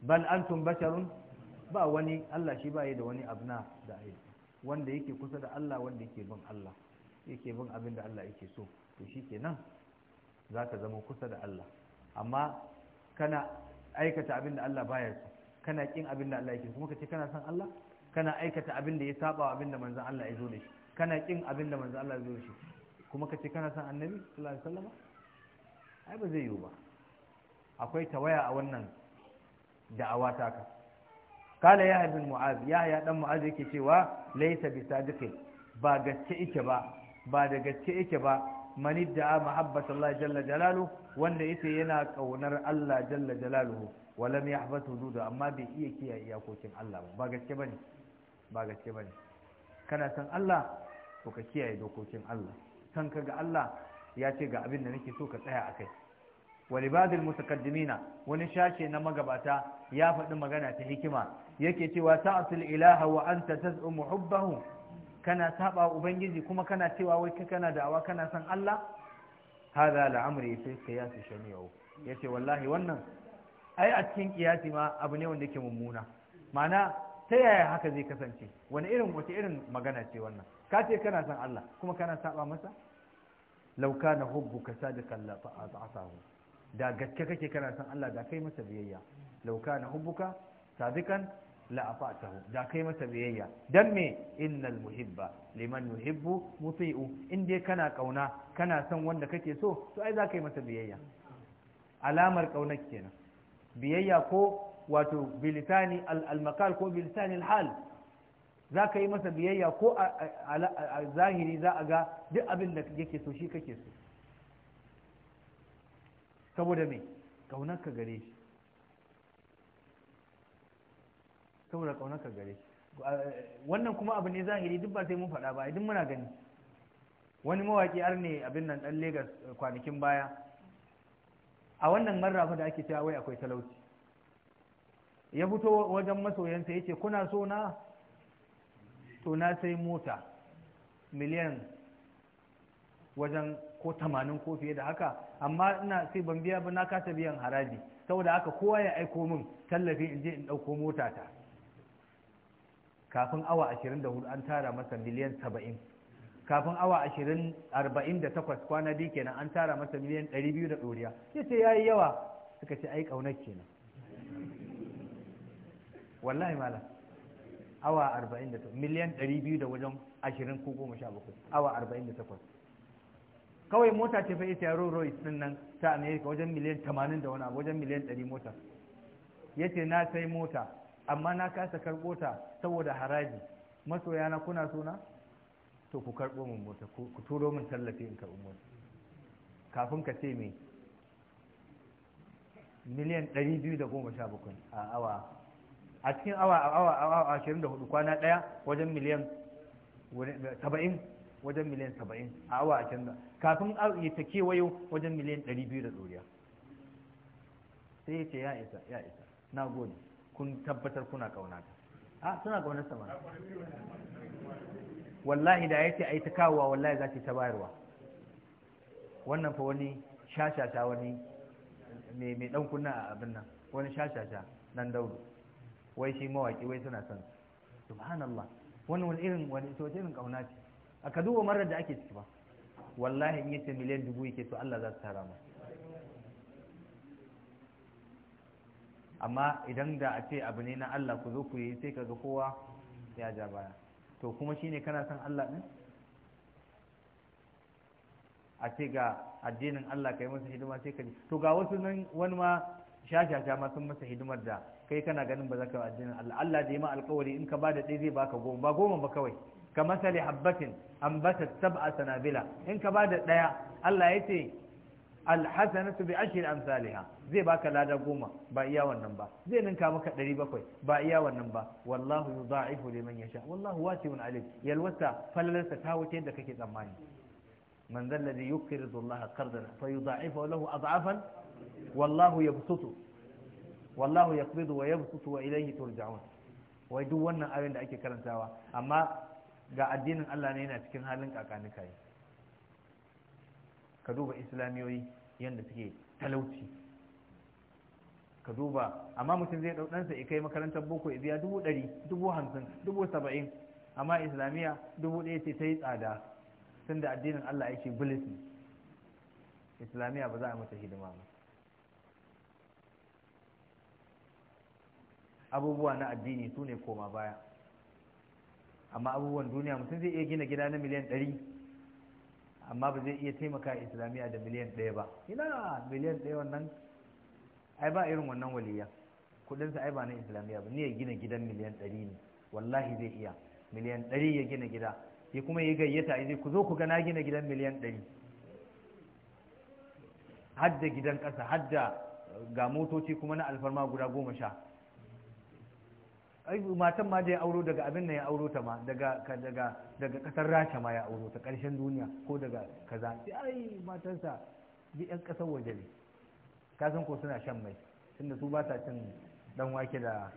bal antum basharun ba wani Allah shi ba da wani abna da ai wanda yake kusa da Allah wanda yake bin Allah yake bin abin da Allah yake so to shi nan za ka zama kusa da Allah amma kana aikata abin da Allah baya so kana kin abin da Allah yake kuma ka ce kana san Allah kana aikata abin da ya saba abin da manzon Allah ya zo da shi kana kin abin da manzon Allah ya zo da shi kuma ka ce kana san annabi sallallahu alaihi wasallam ai ba zai yiwu ba akwai tawaya a wannan da'awa ta ka kala ya bin mu'az ya ya dan mu'az yake cewa laysa bi sadiqin ba gaske yake ba ba da gaske yake ba mani da mahabbata Allah jalla jalalu wanda yake yana kaunar Allah jalla jalaluhu wa lam yahbat hududa amma bai iya kiyaye iyakokin Allah ba gaske bane ba gaske bane kana san Allah to ka kiyaye dokokin Allah san ka ga Allah ya ce ga abin da nake so ka tsaya akai walibadil mutakaddimina wani shashe na magabata ya faɗi magana ta hikima yake cewa ta'atul ilaha wa anta taz'umu hubbahu kana saba ubangiji kuma kana cewa wai kai kana da'awa kana san Allah hadha al'amri fi qiyas shani'u yace wallahi wannan ai a cikin kiyasi ma abu ne wanda yake mummuna ma'ana ta yaya haka zai kasance wani irin wata irin magana ce wannan ka ce kana san Allah kuma kana saba masa law kana hubbuka sadiqan la fa'atahu da gaske kake kana san Allah da kai masa biyayya law kana hubbuka sadiqan la'afatahu da kai masa biyayya dan me innal muhibba liman yuhibbu muti'u in dai kana kauna kana son wanda kake so to ai za kai masa biyayya alamar kaunar kenan biyayya ko wato bilisani al-maqal ko bilisani al-hal za ka yi masa biyayya ko a zahiri za a ga duk abin da yake so shi kake so saboda me kaunarka gare shi saboda kaunarka gare wannan kuma abu ne zahiri duk ba sai mun faɗa ba idan muna gani wani mawaƙi ar ne abin nan ɗan Legas eh, kwanakin baya a wannan marrafa da ake cewa wai akwai talauci ya fito wajen masoyansa ya ce kuna so na to na sai mota miliyan wajen ko tamanin ko fiye da haka amma ina sai ban biya ba na kasa biyan haraji saboda haka kowa ya aiko min tallafi in je in ɗauko mota ta kafin awa 24 an tara masa miliyan 70 kafin awa da 48 kwana biyu kenan an tara masa miliyan 200 da ɗoriya ya ce ya yi yawa suka ce ai ƙaunar kenan wallahi malam awa 48 miliyan 200 da wajen 20 ko 17 awa 48 kawai mota ce fa ita yaro roy din nan ta America wajen miliyan 80 da wani wajen miliyan 100 mota yace na sai mota amma na kasa karɓo ta saboda haraji masoya na kuna suna? to ku karɓo min mota ku turo min tallafi in karɓo mota kafin ka ce me miliyan 217 a awa a cikin awa a awa awa 24 kwana ɗaya wajen miliyan 70 wajen miliyan 70 a awa ashirin da, kafin ya ta kewayo wajen miliyan 200 da doriya sai ya ce ya isa ya isa na gode kun tabbatar kuna kauna ta a suna kaunar sama wallahi da yace ai ta kawowa wallahi za ta bayarwa wannan fa wani shashasha wani mai mai dan kunna a abin nan wani shashasha nan daudu wai shi mawaki wai suna son subhanallah wannan wani irin wani to irin kauna ce a duba marar da ake ciki ba wallahi in yace miliyan dubu yake to Allah za ta tara masa amma idan da a ce abu ne na Allah ku zo ku yi sai kaga kowa ya ja baya to kuma shine kana son Allah din a ce ga addinin Allah kai masa hidima sai ka to ga wasu nan wani ma shashasha ma sun masa hidimar da kai kana ganin ba za ka addinin Allah Allah da yi ma alƙawari in ka ba da ɗaya zai baka goma ba goma ba kawai ka masali habbatin ambatat sab'a sanabila in ka ba da ɗaya Allah ya ce alhasanatu bi ashri amsalha zai baka lada goma ba iya wannan ba zai ninka maka 700 ba iya wannan ba wallahu yudha'ifu liman yasha wallahu wasi'un alim yalwata fallarsa ta wuce yadda kake tsammani man zal ladhi yuqridu Allah qardan fa yudha'ifu lahu ad'afan wallahu yabsutu wallahu yaqbidu wa yabsutu wa ilayhi turja'un wai duk wannan ayoyin da ake karantawa amma ga addinin Allah ne yana cikin halin kakanika yi ka duba islamiyoyi yadda suke talauci ka duba amma mutum zai ɗau ɗansa ya kai makarantar boko ya biya dubu ɗari dubu hamsin dubu saba'in amma islamiyya dubu ɗaya ce ta yi tsada tun da addinin allah ya ce bulis islamiyya ba za a mata hidima ba abubuwa na addini su ne koma baya amma abubuwan duniya mutum zai iya gina gida na miliyan ɗari amma ba zai iya taimaka islamiyya da miliyan ɗaya ba ina miliyan ɗaya wannan ai ba irin wannan waliya kudinsa ai ba na islamiyya ba Ni ya gina gidan miliyan ɗari ne wallahi zai iya miliyan ɗari ya gina gida ya kuma yi gayyata ya ku zo ku ga na gina gidan miliyan ɗari hadda gidan ƙasa hadda ga motoci kuma na alfarma guda goma sha matan ma da ya auro daga abin da ya auro ta ma daga daga kasar rasha ma ya auro ta karshen duniya ko daga kaza sai ai matansa bi yan kasar waje ne ka ko suna shan mai tunda su ba ta cin dan wake da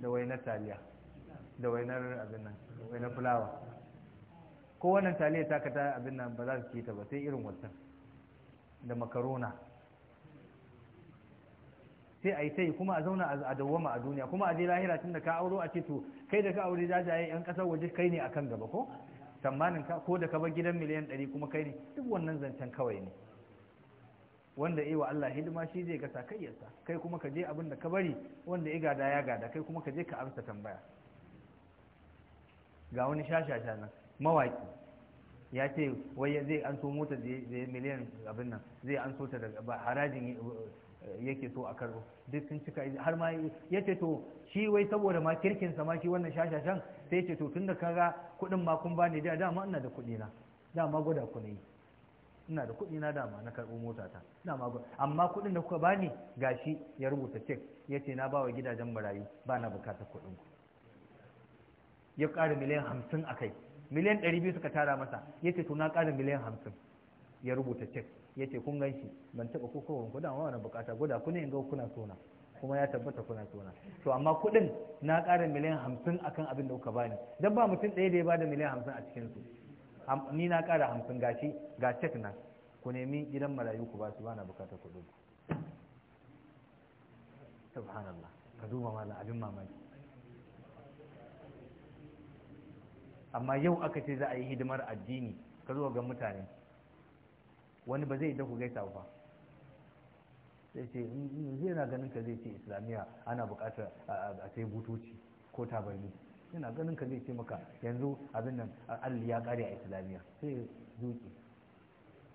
da wainar taliya da wainar abin nan wainar fulawa ko wannan taliya ta kata abin nan ba za su ci ta ba sai irin wannan da makarona sai a yi ta yi kuma a zauna a dawwama a duniya kuma a je lahira tun da ka auro a ce to kai da ka aure jajaye yan kasar waje kai ne akan gaba ko tsammanin ka ko da ka bar gidan miliyan ɗari kuma kai ne duk wannan zancen kawai ne wanda yi wa Allah hidima shi zai gasa kai yasa kai kuma ka je abin da ka bari wanda ya gada ya gada kai kuma ka je ka amsa tambaya ga wani shashasha nan mawaki ya ce wai zai an so mota da miliyan abin nan zai an so ta daga harajin yake so a karo duk sun cika har ma ya ce to shi wai saboda ma kirkinsa ma shi wannan shashashan sai ce to tun da kaga kuɗin ma kun bani da dama ina da kuɗi na dama gwada ku ne ina da kuɗi na dama na karɓo mota ta dama gwada amma kuɗin da kuka bani gashi ya rubuta cek ya ce na bawa gidajen marayu ba na bukatar kuɗin ku ya ƙara miliyan hamsin a kai miliyan ɗari biyu suka tara masa ya ce to na ƙara miliyan hamsin ya rubuta cek ya ce kun ganshi ban taɓa ku kowa ku ma wani bukata guda ku ne in ga kuna sona kuma ya tabbata kuna sona to amma kuɗin na ƙara miliyan hamsin akan abin da kuka bani dan ba mutum ɗaya da ya bada miliyan hamsin a cikin su ni na ƙara hamsin gashi ga cek nan ku nemi gidan marayu ku ba su bana bukata kuɗin subhanallah ka duba malam abin mamaki amma yau aka ce za a yi hidimar addini ka zo ga mutane wani ba zai yi da ku gaisa ba sai ce zai na ganin ka zai ce islamiyya ana bukatar a sai butoci ko tabarni yana ganin ka zai ce maka yanzu abin nan alli ya kare a islamiyya sai zuki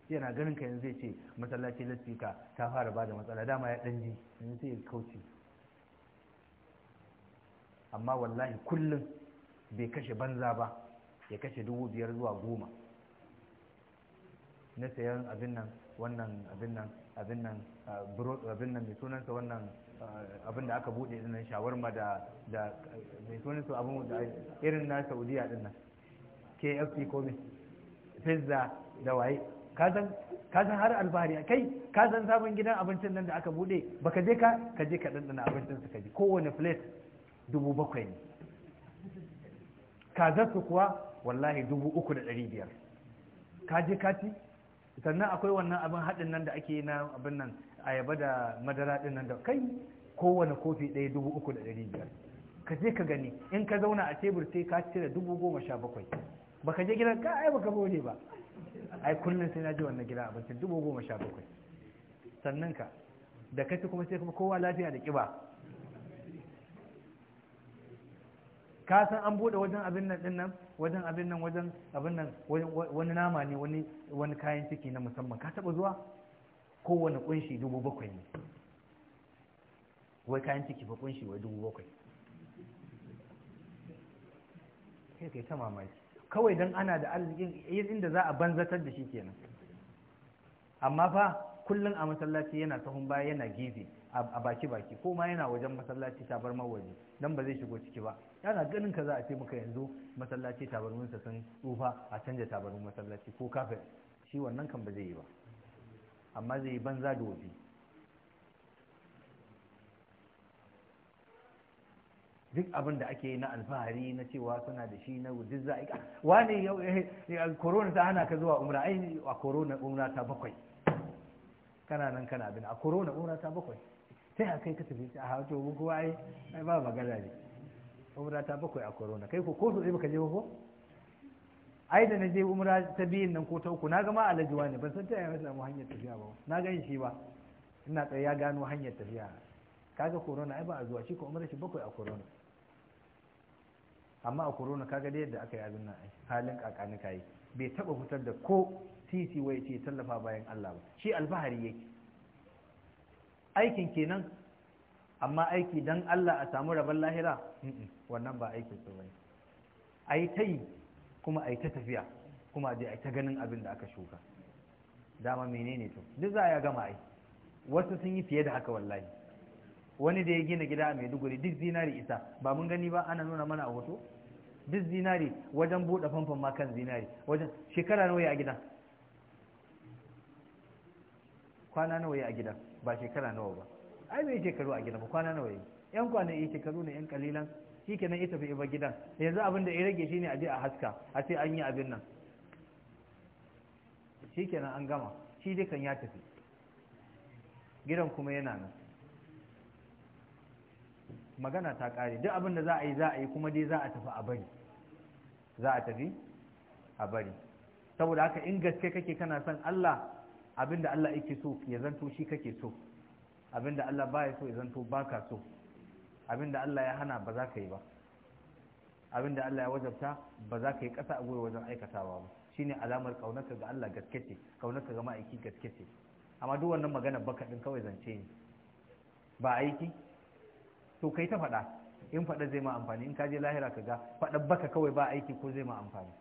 yana ganin ka yanzu zai ce masallaci lasfika ta fara ba da matsala dama ya dan ji sai ya kauce amma wallahi kullum bai kashe banza ba ya kashe dubu biyar zuwa goma na sayan abin nan wannan abin nan abin nan ah, abin nan mai sunansa wannan ah, abin da aka bude din nan shawarma da da mai sunansa abin da irin na Saudiya din nan KFC ko me pizza da waye ka san ka san har albahari kai ka san sabon gidan abincin nan da aka bude baka je ka ka je ka dandana abincin su ka ji kowane plate dubu bakwai ne Ka su kuwa wallahi dubu uku da ɗari biyar ka je ka ci sannan akwai wannan abin haɗin nan da ake na abin nan ayaba da madara ɗin nan da kai kowane kofi ɗaya dubu uku da ɗari biyar ka je ka gani in ka zauna a tebur sai ka cire dubu goma sha bakwai baka je gidan ka ai baka bode ba ai kullum sai na ji wannan gidan abincin dubu goma sha bakwai sannan ka da kai kuma sai kuma kowa lafiya da kiba ka san an buɗe wajen abin nan ɗin nan wajen abin nan wajen abin nan wani nama ne wani wani kayan ciki na musamman ka taba zuwa kowane kunshi dubu bakwai ne wai kayan ciki ba kunshi wai dubu bakwai sai kai ta mamaki kawai dan ana da arzikin inda za a banzatar da shi kenan amma fa kullum a masallaci yana sahun baya yana gizi. a baki baki ko ma yana wajen masallaci ta bar waje dan ba zai shigo ciki ba yana ganin ka za a ce maka yanzu masallaci tabarminsa sun tsufa a canja bar masallaci ko kafin shi wannan kan ba zai yi ba amma zai yi banza da waje duk abin da ake yi na alfahari na cewa suna da shi na duk za a wani yau korona eh, eh, ta hana ka zuwa umra a korona umra ta bakwai kana nan kana bin a korona umra ta bakwai sai a kai ka tafi a hato mu kowa ai ai ba magana ne umra ta bakwai a corona kai ko ko so baka je ko ai da na je umra ta biyun nan ko ta uku na ga ma alaji ne ban san ta yaya samu hanyar tafiya ba na gan shi ba ina tsaye ya gano hanyar tafiya kaga corona ai ba a zuwa shi ko umra shi bakwai a corona amma a corona kaga dai yadda aka yi abin nan halin kakanin kai bai taba fitar da ko titi wai ce tallafa bayan Allah ba shi albahari yake aikin kenan amma aiki don Allah a samu rabon lahira wannan ba aikin su bane a yi ta yi kuma a yi ta tafiya kuma a je a ta ganin abin da aka shuka dama menene to duk za a gama ai wasu sun yi fiye da haka wallahi wani da ya gina gida a maiduguri duk zinari isa ba mun gani ba ana nuna mana a hoto duk zinari wajen buɗe famfon ma kan zinari wajen shekara nawa a gidan kwana nawa a gidan ba shekara nawa ba ai yake shekaru a gida ba kwana nawa yi yan kwana yi shekaru ne yan kalilan shi nan ya tafi ba gidan yanzu abin da ya rage ne a je a haska a ce an yi abin nan shi nan an gama shi dai kan ya tafi gidan kuma yana nan magana ta kare duk abin da za a yi za a yi kuma dai za a tafi a bari za a tafi a bari saboda haka in gaske kake kana son Allah Abin da Allah yake so ya zanto shi kake so abin da Allah baya so ya zanto baka so abin da Allah ya hana ba za ka yi ba abin da Allah ya wajabta ba za ka yi ƙasa a gwiwa wajen aikatawa ba shine alamar kaunarka ga Allah gaske ce kaunarka ga ma'aiki gaske ce amma duk wannan magana baka din kawai zance ne ba aiki to kai ta faɗa in faɗa zai ma amfani in ka je lahira ka ga faɗa baka kawai ba aiki ko zai ma amfani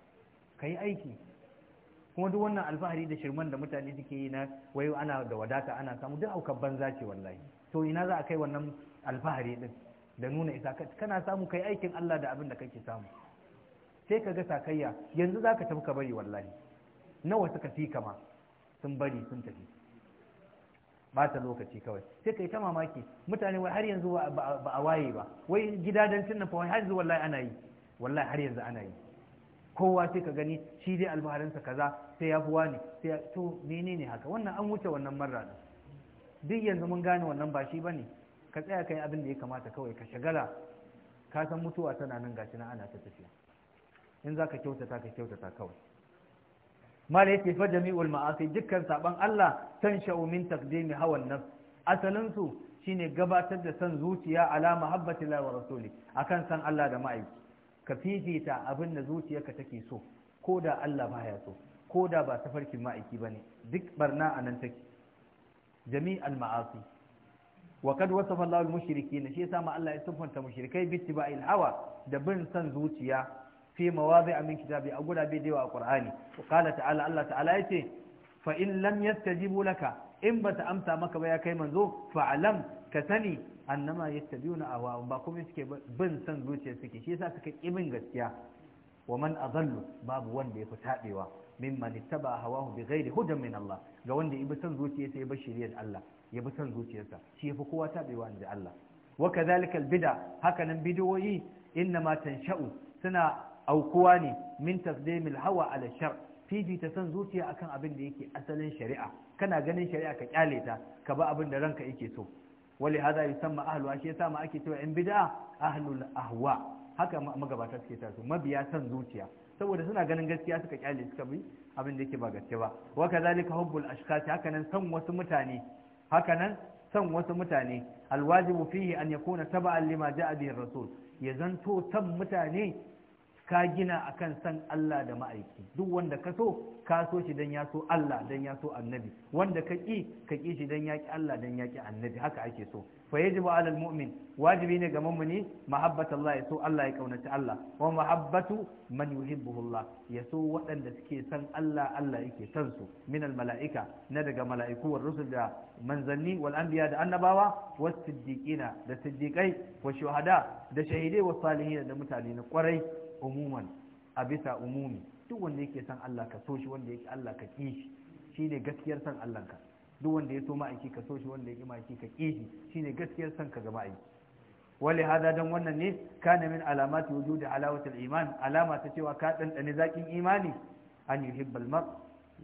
kai aiki kuma duk wannan alfahari da shirman da mutane suke yi na wayo ana da wadata ana samu duk aukar banza ce wallahi to ina za a kai wannan alfahari din da nuna isa kana samu kai aikin Allah da abin da kake samu sai ka ga sakayya yanzu za ka tafi ka bari wallahi nawa suka fi kama sun bari sun tafi Ba ta lokaci kawai sai kai ta mamaki mutane wai har yanzu ba a waye ba wai gida dan fa wai har yanzu wallahi ana yi wallahi har yanzu ana yi kowa sai ka gani shi dai alfaharinsa kaza sai ya buwa wani sai to menene haka wannan an wuce wannan marra duk yanzu mun gane wannan ba shi bane ka tsaya kai abin da ya kamata kawai ka shagala ka san mutuwa tana nan gashi na ana ta tafiya in za ka kyautata ka kyautata kawai mala yace fa jami'ul ma'asi dukkan saban Allah tansha'u min taqdimi hawan nafs asalin su shine gabatar da san zuciya ala mahabbati la wa rasuli akan san Allah da ma'aiki ka fifita abin da zuciyarka take so ko da Allah ya so ko da ba tafarkin ma'aiki ne. duk barna a nan take jami'al ma'asi wa kad wasafa Allah al-mushrikin shi yasa ma Allah ya siffanta mushrikai bi tibail hawa da bin san zuciya fi mawazi'a min kitabi a gurabe da yawa a Qur'ani qala ta'ala Allah ta'ala yace fa in lam yastajibu laka in bata amsa maka ba ya kai manzo alam ka sani annama yattabi'una awa ba kuma suke bin san zuciya suke shi yasa suka kibin gaskiya wa man adallu babu wanda yafi tabewa mimman ittaba hawahu bighairi hudan min Allah ga wanda yabi san zuciyarsa yabi shiriyar Allah yabi san zuciyarsa shi yafi kowa tabewa inda Allah wa kadhalika albid'a hakanan bid'o'i innama tansha'u suna aukuwa ne min tasdimil hawa ala shar ta san zuciya akan abin da yake asalin shari'a kana ganin shari'a ka kyale ta ka ba abin da ranka yake so wali hada yusamma ahlu shi yasa ma ake cewa in bid'a ahlul ahwa haka magabata suke ta su mabiya san zuciya saboda suna ganin gaskiya suka kyale suka bi abin da yake ba gaske ba wa kadhalika hubbul ashkhas haka nan san wasu mutane haka nan san wasu mutane alwajibu fihi an yakuna taba'an lima ja'a bihi rasul ya zanto san mutane ka gina akan san Allah da ma'aiki duk wanda ka so ka so shi dan ya so Allah dan ya so annabi wanda ka ki ka ki shi dan ya ki Allah dan ya annabi haka ake so fa yajibu alal mu'min wajibi ne ga mu'mini mahabbatu Allah ya so Allah ya kaunaci Allah wa mahabbatu man yuhibbuhu Allah ya so waɗanda suke san Allah Allah yake san su min al mala'ika na daga mala'iku rusul da manzanni wal anbiya da annabawa was siddiqina da siddiqai wa shuhada da shahidai wa salihin da mutane na kwarai umuman a bisa umumi duk wanda yake san Allah ka so shi wanda yake Allah ka ƙi shi shine gaskiyar san Allah ka duk wanda ya so ma'aiki ka so shi wanda yake ma'aiki ka ƙi shi shine gaskiyar san ka ga aiki wale hada dan wannan ne kana min alamati wujudi alawatul iman alama ta cewa ka dandane zakin imani an yuhibbal mar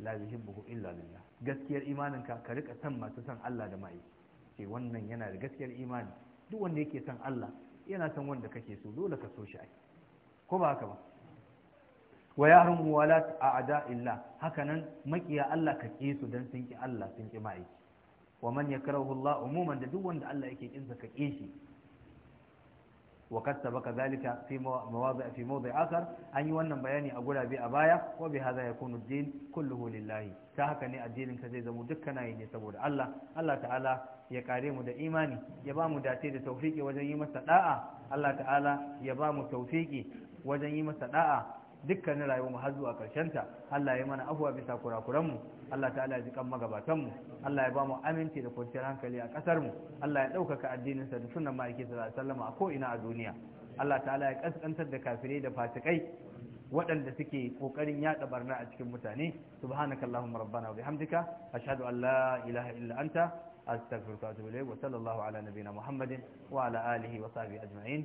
la yuhibbuhu illa lillah gaskiyar imanin ka ka rika san masu san Allah da mai ce wannan yana da gaskiyar imani duk wanda yake san Allah yana san wanda kake so dole ka so shi ai ko ba haka ba wa yahrum walat a'da illa hakanan makiya Allah ka ƙi su dan sun ki Allah sun ki ma'aiki wa man yakrahu Allah umuman da duk wanda Allah yake ƙin sa ka ƙi shi wa kad sabaka zalika fi mawadi' fi mawdi' akhar an yi wannan bayani a gurabe a baya wa bi hadha yakunu ad-din kulluhu lillahi ta haka ne addinin ka zai zama dukkana ne saboda Allah Allah ta'ala ya kare mu da imani ya ba mu dace da taufiki wajen yi masa da'a Allah ta'ala ya ba mu taufiki wajen yi masa da'a dukkanin rayuwar mu har zuwa karshen ta Allah ya mana afuwa bisa kurakuran mu Allah ta'ala ya ji kan magabatan mu Allah ya ba mu aminci da kwanciyar hankali a kasar mu Allah ya ɗaukaka addinin sa da sunnan ma'aiki sallallahu alaihi wasallam a ko ina a duniya Allah ta'ala ya kaskantar da kafirai da fasikai waɗanda suke ƙoƙarin yaɗa barna a cikin mutane subhanakallahumma rabbana wa bihamdika ashhadu an la ilaha illa anta astaghfiruka wa atubu ilayk wa sallallahu ala nabiyyina muhammadin wa ala alihi wa sahbihi ajma'in